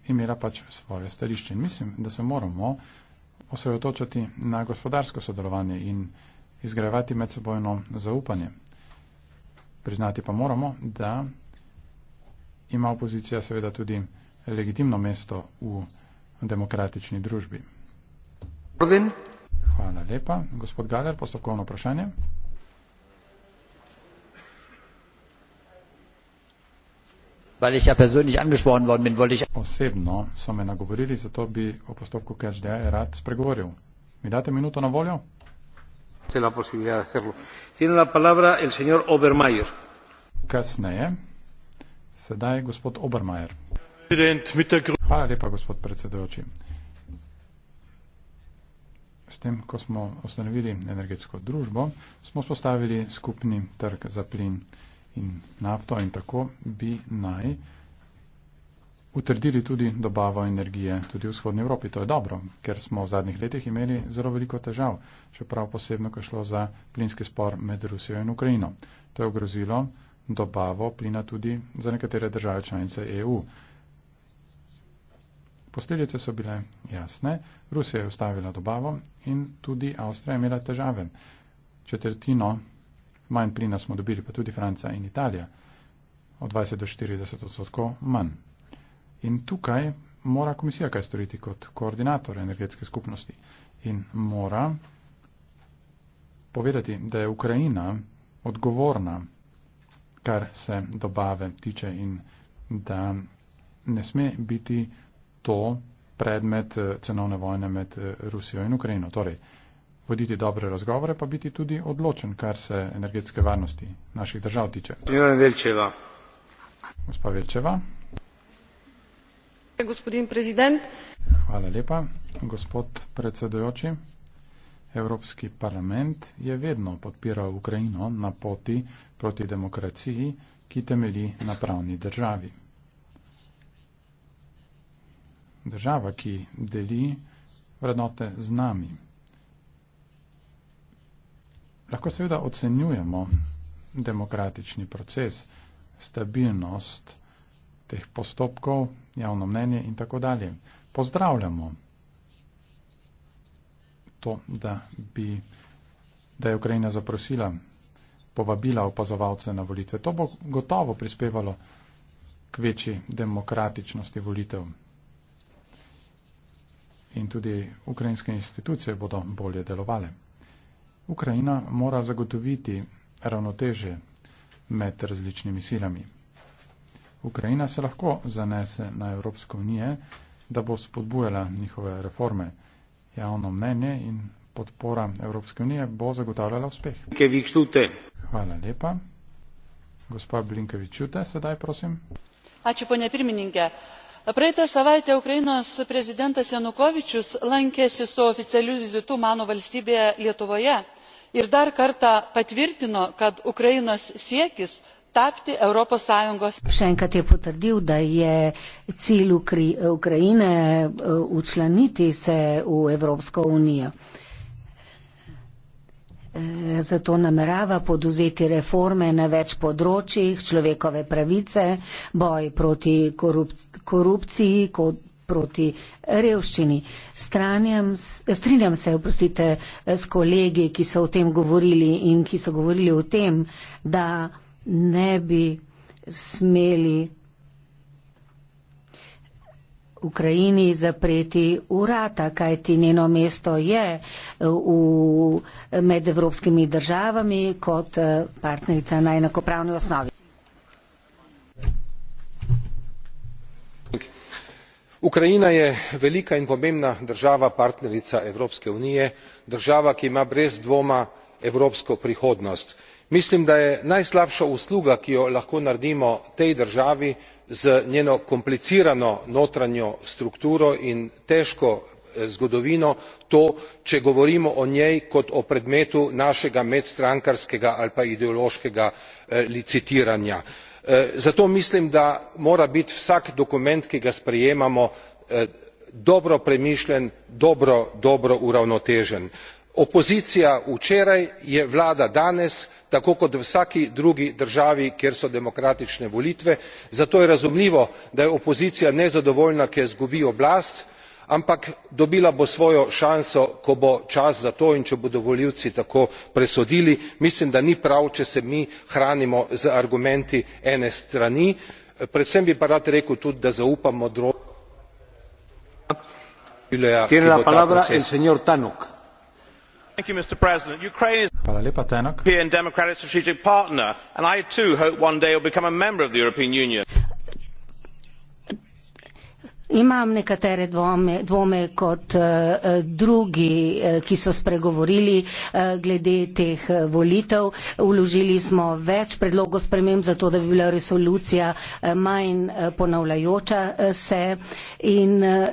Speaker 4: imela pač svoje stališče. Mislim, da se moramo osredotočati na gospodarsko sodelovanje in izgrajevati medsebojno zaupanje. Priznati pa moramo, da ima opozicija seveda tudi legitimno mesto v demokratični družbi. Hvala lepa. Gospod Galer, postopkovno vprašanje. Weil ich ja persönlich angesprochen worden bin, wollte ich. Osebno so me nagovorili, zato bi o postopku KHDA rad spregovoril. Mi date minuto na voljo?
Speaker 6: Tiene la posibilidad de hacerlo. Tiene la palabra el señor Obermeier.
Speaker 4: Kasneje. Sedaj gospod Obermeier. Hvala lepa, gospod predsedujoči. S tem, ko smo ustanovili energetsko družbo, smo spostavili skupni trg za plin in nafto in tako bi naj utrdili tudi dobavo energije tudi v vzhodni Evropi. To je dobro, ker smo v zadnjih letih imeli zelo veliko težav, še prav posebno, ko šlo za plinski spor med Rusijo in Ukrajino. To je ogrozilo dobavo plina tudi za nekatere države članice EU. Posledice so bile jasne. Rusija je ustavila dobavo in tudi Avstrija je imela težave. Četrtino manj plina smo dobili, pa tudi Francija in Italija, od 20 do 40 odstotkov manj. In tukaj mora komisija kaj storiti kot koordinator energetske skupnosti in mora povedati, da je Ukrajina odgovorna, kar se dobave tiče in da ne sme biti to predmet eh, cenovne vojne med eh, Rusijo in Ukrajino. Torej, voditi dobre razgovore, pa biti tudi odločen, kar se energetske varnosti naših držav tiče.
Speaker 2: Gospod Velčeva.
Speaker 4: Gospod Velčeva.
Speaker 5: Gospodin prezident.
Speaker 4: Hvala lepa. Gospod predsedojoči, Evropski parlament je vedno podpiral Ukrajino na poti proti demokraciji, ki temeli na pravni državi. Država, ki deli vrednote z nami, Lahko seveda ocenjujemo demokratični proces, stabilnost teh postopkov, javno mnenje in tako dalje. Pozdravljamo to, da, bi, da je Ukrajina zaprosila povabila opazovalce na volitve. To bo gotovo prispevalo k večji demokratičnosti volitev. In tudi ukrajinske institucije bodo bolje delovale. Ukrajina mora zagotoviti ravnoteže med različnimi silami. Ukrajina se lahko zanese na Evropsko unijo, da bo spodbujala njihove reforme. Javno mnenje in podpora Evropske unije bo zagotavljala uspeh. Hvala lepa. Gospa Blinkevičute, sedaj prosim.
Speaker 1: A če po njej primininke praeitą savaitę ukrainos prezidentas janukovyčius lankėsi su oficialiu vizitu mano valstybėje lietuvoje ir dar kartą patvirtino kad ukrainos siekis tapti europos sąjungos še
Speaker 5: enkrat je potrdil da je cilj ukrajine eh, učlaniti se v evropsko unijo. Eh, zato namerava poduzeti reforme na več področjih človekove pravice, boj proti korup korupciji, kot proti revščini. Stranjam, eh, strinjam se, oprostite, eh, s kolegi, ki so o tem govorili in ki so govorili o tem, da ne bi smeli Ukrajini zapreti urata, kajti njeno mesto je eh, v, med evropskimi državami kot eh, partnerica na enakopravni osnovi.
Speaker 6: Ukrajina je velika in pomembna država, partnerica Evropske unije, država, ki ima brez dvoma evropsko prihodnost mislim da je najslabša usluga ki jo lahko naredimo tej državi z njeno komplicirano notranjo strukturo in težko eh, zgodovino to če govorimo o njej kot o predmetu našega medstrankarskega ali pa ideološkega eh, licitiranja eh, zato mislim da mora biti vsak dokument ki ga sprejemamo dobro premišljen dobro dobro uravnotežen opozicija včeraj je vlada danes tako kot v vsaki drugi državi kjer so demokratične volitve zato je razumljivo da je opozicija nezadovoljna ker izgubi oblast ampak dobila bo svojo šanso ko bo čas za to in če bodo volivci tako presodili mislim da ni prav če se mi hranimo z argumenti ene strani predvsem bi pa rad rekel tudi da zaupam modrost mr president ukraine is
Speaker 4: a european
Speaker 2: democratic strategic partner and i too hope one day it will become a member of the european union.
Speaker 5: imam nekatere dvome, dvome kot uh, drugi uh, ki so spregovorili uh, glede teh uh, volitev vložili smo več predlogov sprememb zato da bi bila resolucija uh, manj uh, ponavljajoča uh, se in uh,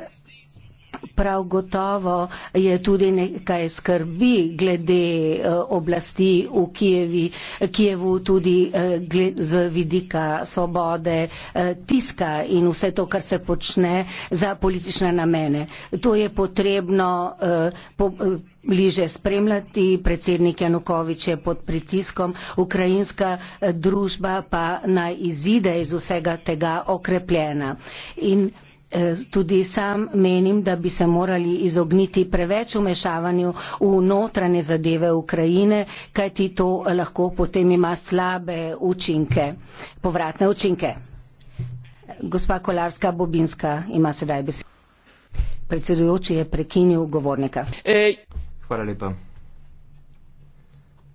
Speaker 5: Prav gotovo je tudi nekaj skrbi glede eh, oblasti v Kijevi, Kijevu, tudi eh, z vidika svobode eh, tiska in vse to, kar se počne za politične namene. To je potrebno bliže spremljati, predsednik Janukovič je pod pritiskom, ukrajinska družba pa naj izide iz vsega tega okrepljena. In Eh, tudi sam menim, da bi se morali izogniti preveč umešavanju v notranje zadeve Ukrajine, kajti to lahko potem ima slabe učinke, povratne učinke. Gospa Kolarska Bobinska ima sedaj besedo. Predsedujoči je prekinil govornika. Ej.
Speaker 3: Hvala lepa.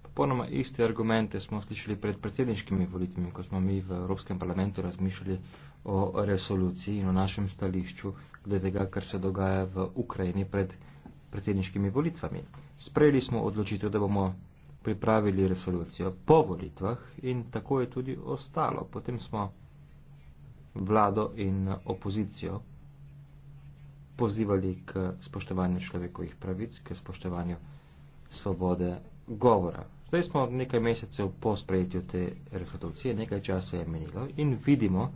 Speaker 3: Popolnoma iste argumente smo slišali pred predsedniškimi volitvami, ko smo mi v Evropskem parlamentu razmišljali o resoluciji in o našem stališču glede tega, kar se dogaja v Ukrajini pred predsedniškimi volitvami. Sprejeli smo odločitev, da bomo pripravili resolucijo po volitvah in tako je tudi ostalo. Potem smo vlado in opozicijo pozivali k spoštovanju človekovih pravic, k spoštovanju svobode govora. Zdaj smo nekaj mesecev po sprejetju te resolucije, nekaj časa je menilo in vidimo, da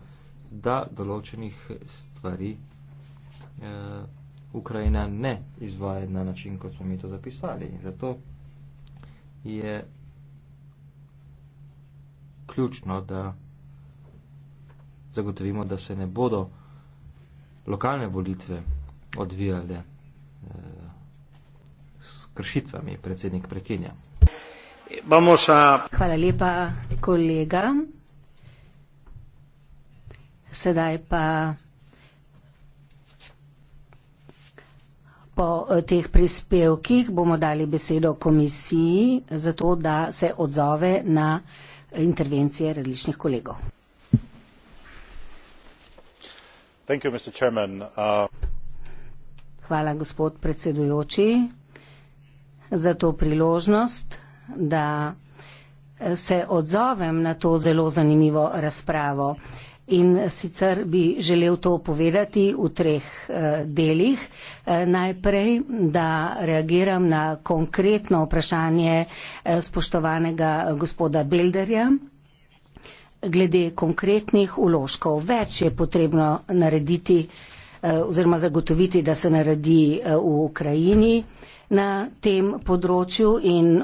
Speaker 3: da določenih stvari eh, Ukrajina ne izvaja na način, kot smo mi to zapisali. Zato je ključno, da zagotovimo, da se ne bodo lokalne volitve odvijale eh, s kršitvami predsednik prekinja.
Speaker 5: Vamos a... Hvala lepa, kolega. Sedaj pa po eh, teh prispevkih bomo dali besedo komisiji, zato da se odzove na intervencije različnih kolegov.
Speaker 4: Uh,
Speaker 5: Hvala, gospod predsedujoči, za to priložnost, da se odzovem na to zelo zanimivo razpravo. In sicer bi želel to povedati v treh eh, delih. Eh, najprej, da reagiram na konkretno vprašanje eh, spoštovanega gospoda Belderja glede konkretnih uložkov. Več je potrebno narediti oziroma zagotoviti, da se naredi v Ukrajini na tem področju in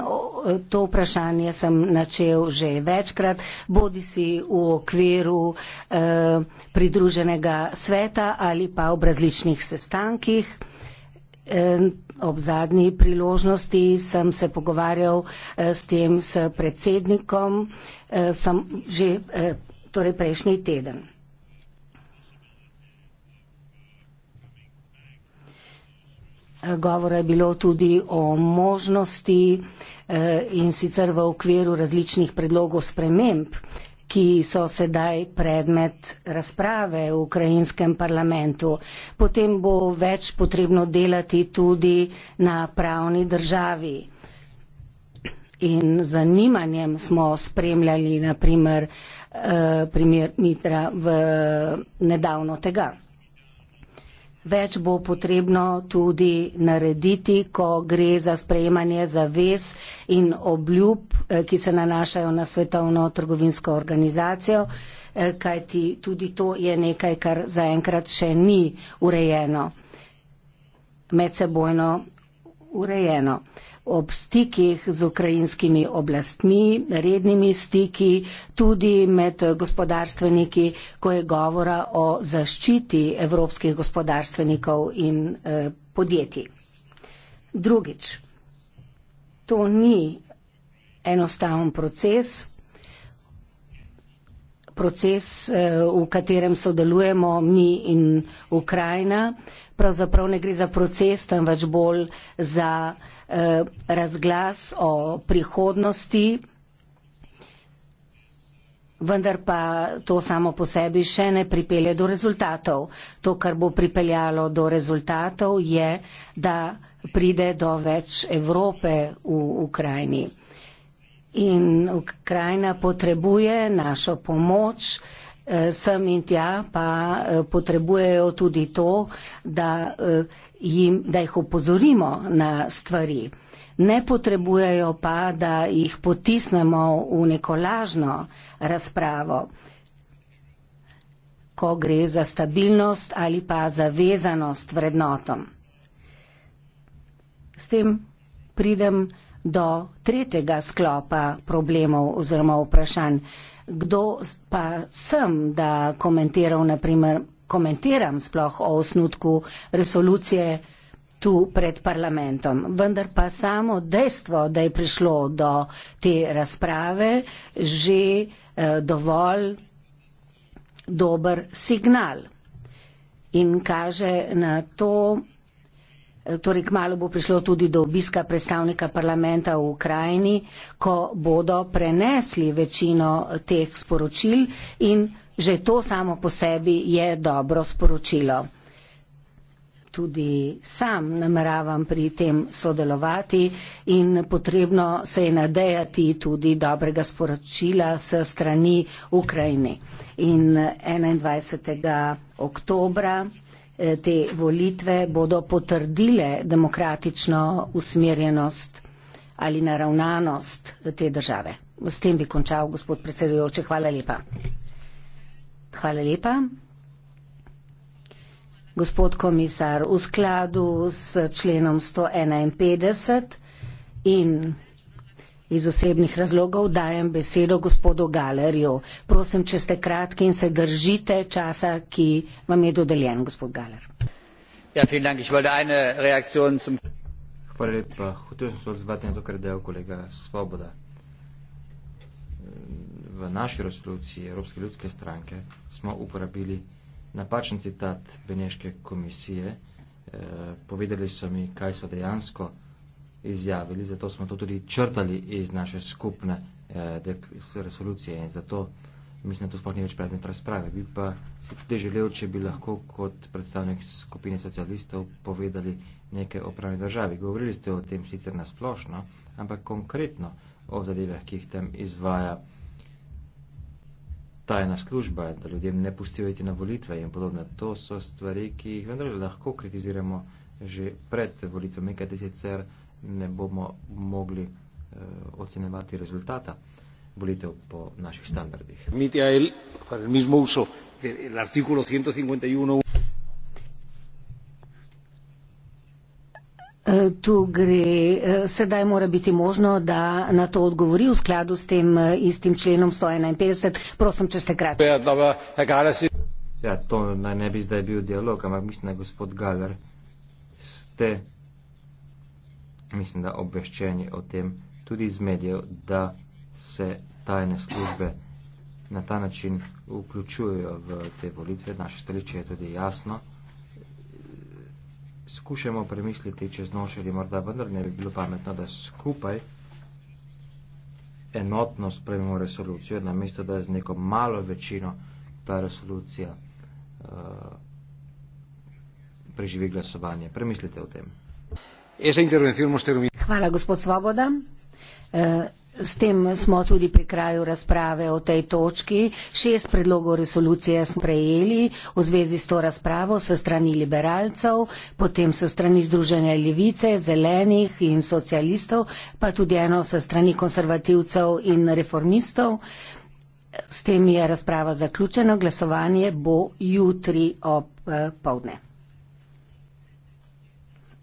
Speaker 5: to vprašanje sem načel že večkrat, bodi si v okviru eh, pridruženega sveta ali pa ob različnih sestankih. Eh, ob zadnji priložnosti sem se pogovarjal eh, s tem s predsednikom, eh, sem že eh, torej prejšnji teden. Govora je bilo tudi o možnosti eh, in sicer v okviru različnih predlogov sprememb, ki so sedaj predmet razprave v ukrajinskem parlamentu. Potem bo več potrebno delati tudi na pravni državi. In zanimanjem smo spremljali naprimer eh, primer Mitra v nedavno tega. Več bo potrebno tudi narediti, ko gre za sprejemanje zavez in obljub, eh, ki se nanašajo na svetovno trgovinsko organizacijo, eh, kajti tudi to je nekaj, kar zaenkrat še ni urejeno, medsebojno urejeno ob stikih z ukrajinskimi oblastmi, rednimi stiki, tudi med gospodarstveniki, ko je govora o zaščiti evropskih gospodarstvenikov in eh, podjetij. Drugič, to ni enostaven proces, proces, eh, v katerem sodelujemo mi in Ukrajina. Pravzaprav ne gre za proces, temveč bolj za eh, razglas o prihodnosti. Vendar pa to samo po sebi še ne pripelje do rezultatov. To, kar bo pripeljalo do rezultatov, je, da pride do več Evrope v Ukrajini in Ukrajina potrebuje našo pomoč, eh, sem in tja pa eh, potrebujejo tudi to, da eh, jim, da jih opozorimo na stvari. Ne potrebujejo pa, da jih potisnemo v neko lažno razpravo, ko gre za stabilnost ali pa zavezanost vrednotom. S tem pridem do tretjega sklopa problemov oziroma vprašanj. Kdo pa sem, da komentiral, naprimer, komentiram sploh o osnutku resolucije tu pred parlamentom. Vendar pa samo dejstvo, da je prišlo do te razprave, že eh, dovolj dober signal in kaže na to, Eh, torej, kmalo bo prišlo tudi do obiska predstavnika parlamenta v Ukrajini, ko bodo prenesli večino teh sporočil in že to samo po sebi je dobro sporočilo. Tudi sam nameravam pri tem sodelovati in potrebno se je nadejati tudi dobrega sporočila s strani Ukrajine. In 21. Eh, oktobra Eh, te volitve bodo potrdile demokratično usmerjenost ali naravnanost te države. S tem bi končal, gospod predsedujoče. Hvala lepa. Hvala lepa. Gospod komisar, v skladu s členom 151 in Iz osebnih razlogov dajem besedo gospodu Galerju. Prosim, če ste kratki in se držite časa, ki vam je dodeljen, gospod Galer.
Speaker 4: Ja, dank. Ich eine
Speaker 3: zum... Hvala lepa. Hotel sem se odzvati na to, kar je dejal kolega Svoboda. V naši resoluciji Evropske ljudske stranke smo uporabili napačen citat Beneške komisije. Eh, povedali so mi, kaj so dejansko izjavili, zato smo to tudi črtali iz naše skupne eh, resolucije in zato mislim, da to sploh ni več predmet razprave. Bi pa si tudi želel, če bi lahko kot predstavnik skupine socialistov povedali nekaj o pravni državi. Govorili ste o tem sicer nasplošno, ampak konkretno o zadevah, ki jih tam izvaja tajna služba, da ljudem ne pustijo iti na volitve in podobno. To so stvari, ki jih vendar lahko kritiziramo že pred volitvami, kajti sicer ne bomo mogli uh, ocenjevati rezultata volitev po naših standardih.
Speaker 5: Eh, tu gre, eh, sedaj mora biti možno, da na to odgovori v skladu s tem istim členom 151. Prosim, če ste kratki.
Speaker 3: Ja, to naj ne bi zdaj bil dialog, ampak mislim, da gospod Galer ste mislim, da obveščeni o tem tudi iz medijev, da se tajne službe na ta način vključujejo v te volitve. Naše stališče je tudi jasno. Skušamo premisliti čez noč ali morda vendar ne bi bilo pametno, da skupaj enotno sprememo resolucijo, namesto da z neko malo večino ta resolucija uh, preživi glasovanje. Premislite o tem.
Speaker 6: Esa intervención hemos terminado.
Speaker 5: Hvala, gospod Svoboda. Eh, s tem smo tudi pri kraju razprave o tej točki. Šest predlogov resolucije smo prejeli v zvezi s to razpravo s strani liberalcev, potem s strani Združenja Levice, Zelenih in socialistov, pa tudi eno s strani konservativcev in reformistov. S tem je razprava zaključena. Glasovanje bo jutri ob eh, povdne.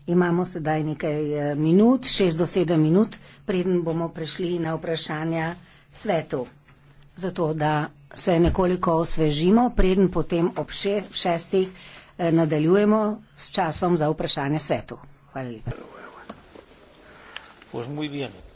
Speaker 5: Imamo sedaj nekaj eh, minut, šest do sedem minut, preden bomo prišli na vprašanja svetu. Zato, da se nekoliko osvežimo, preden potem ob še, šestih eh, nadaljujemo s časom za vprašanje svetu. Hvala lepa.
Speaker 6: Pues muy bien.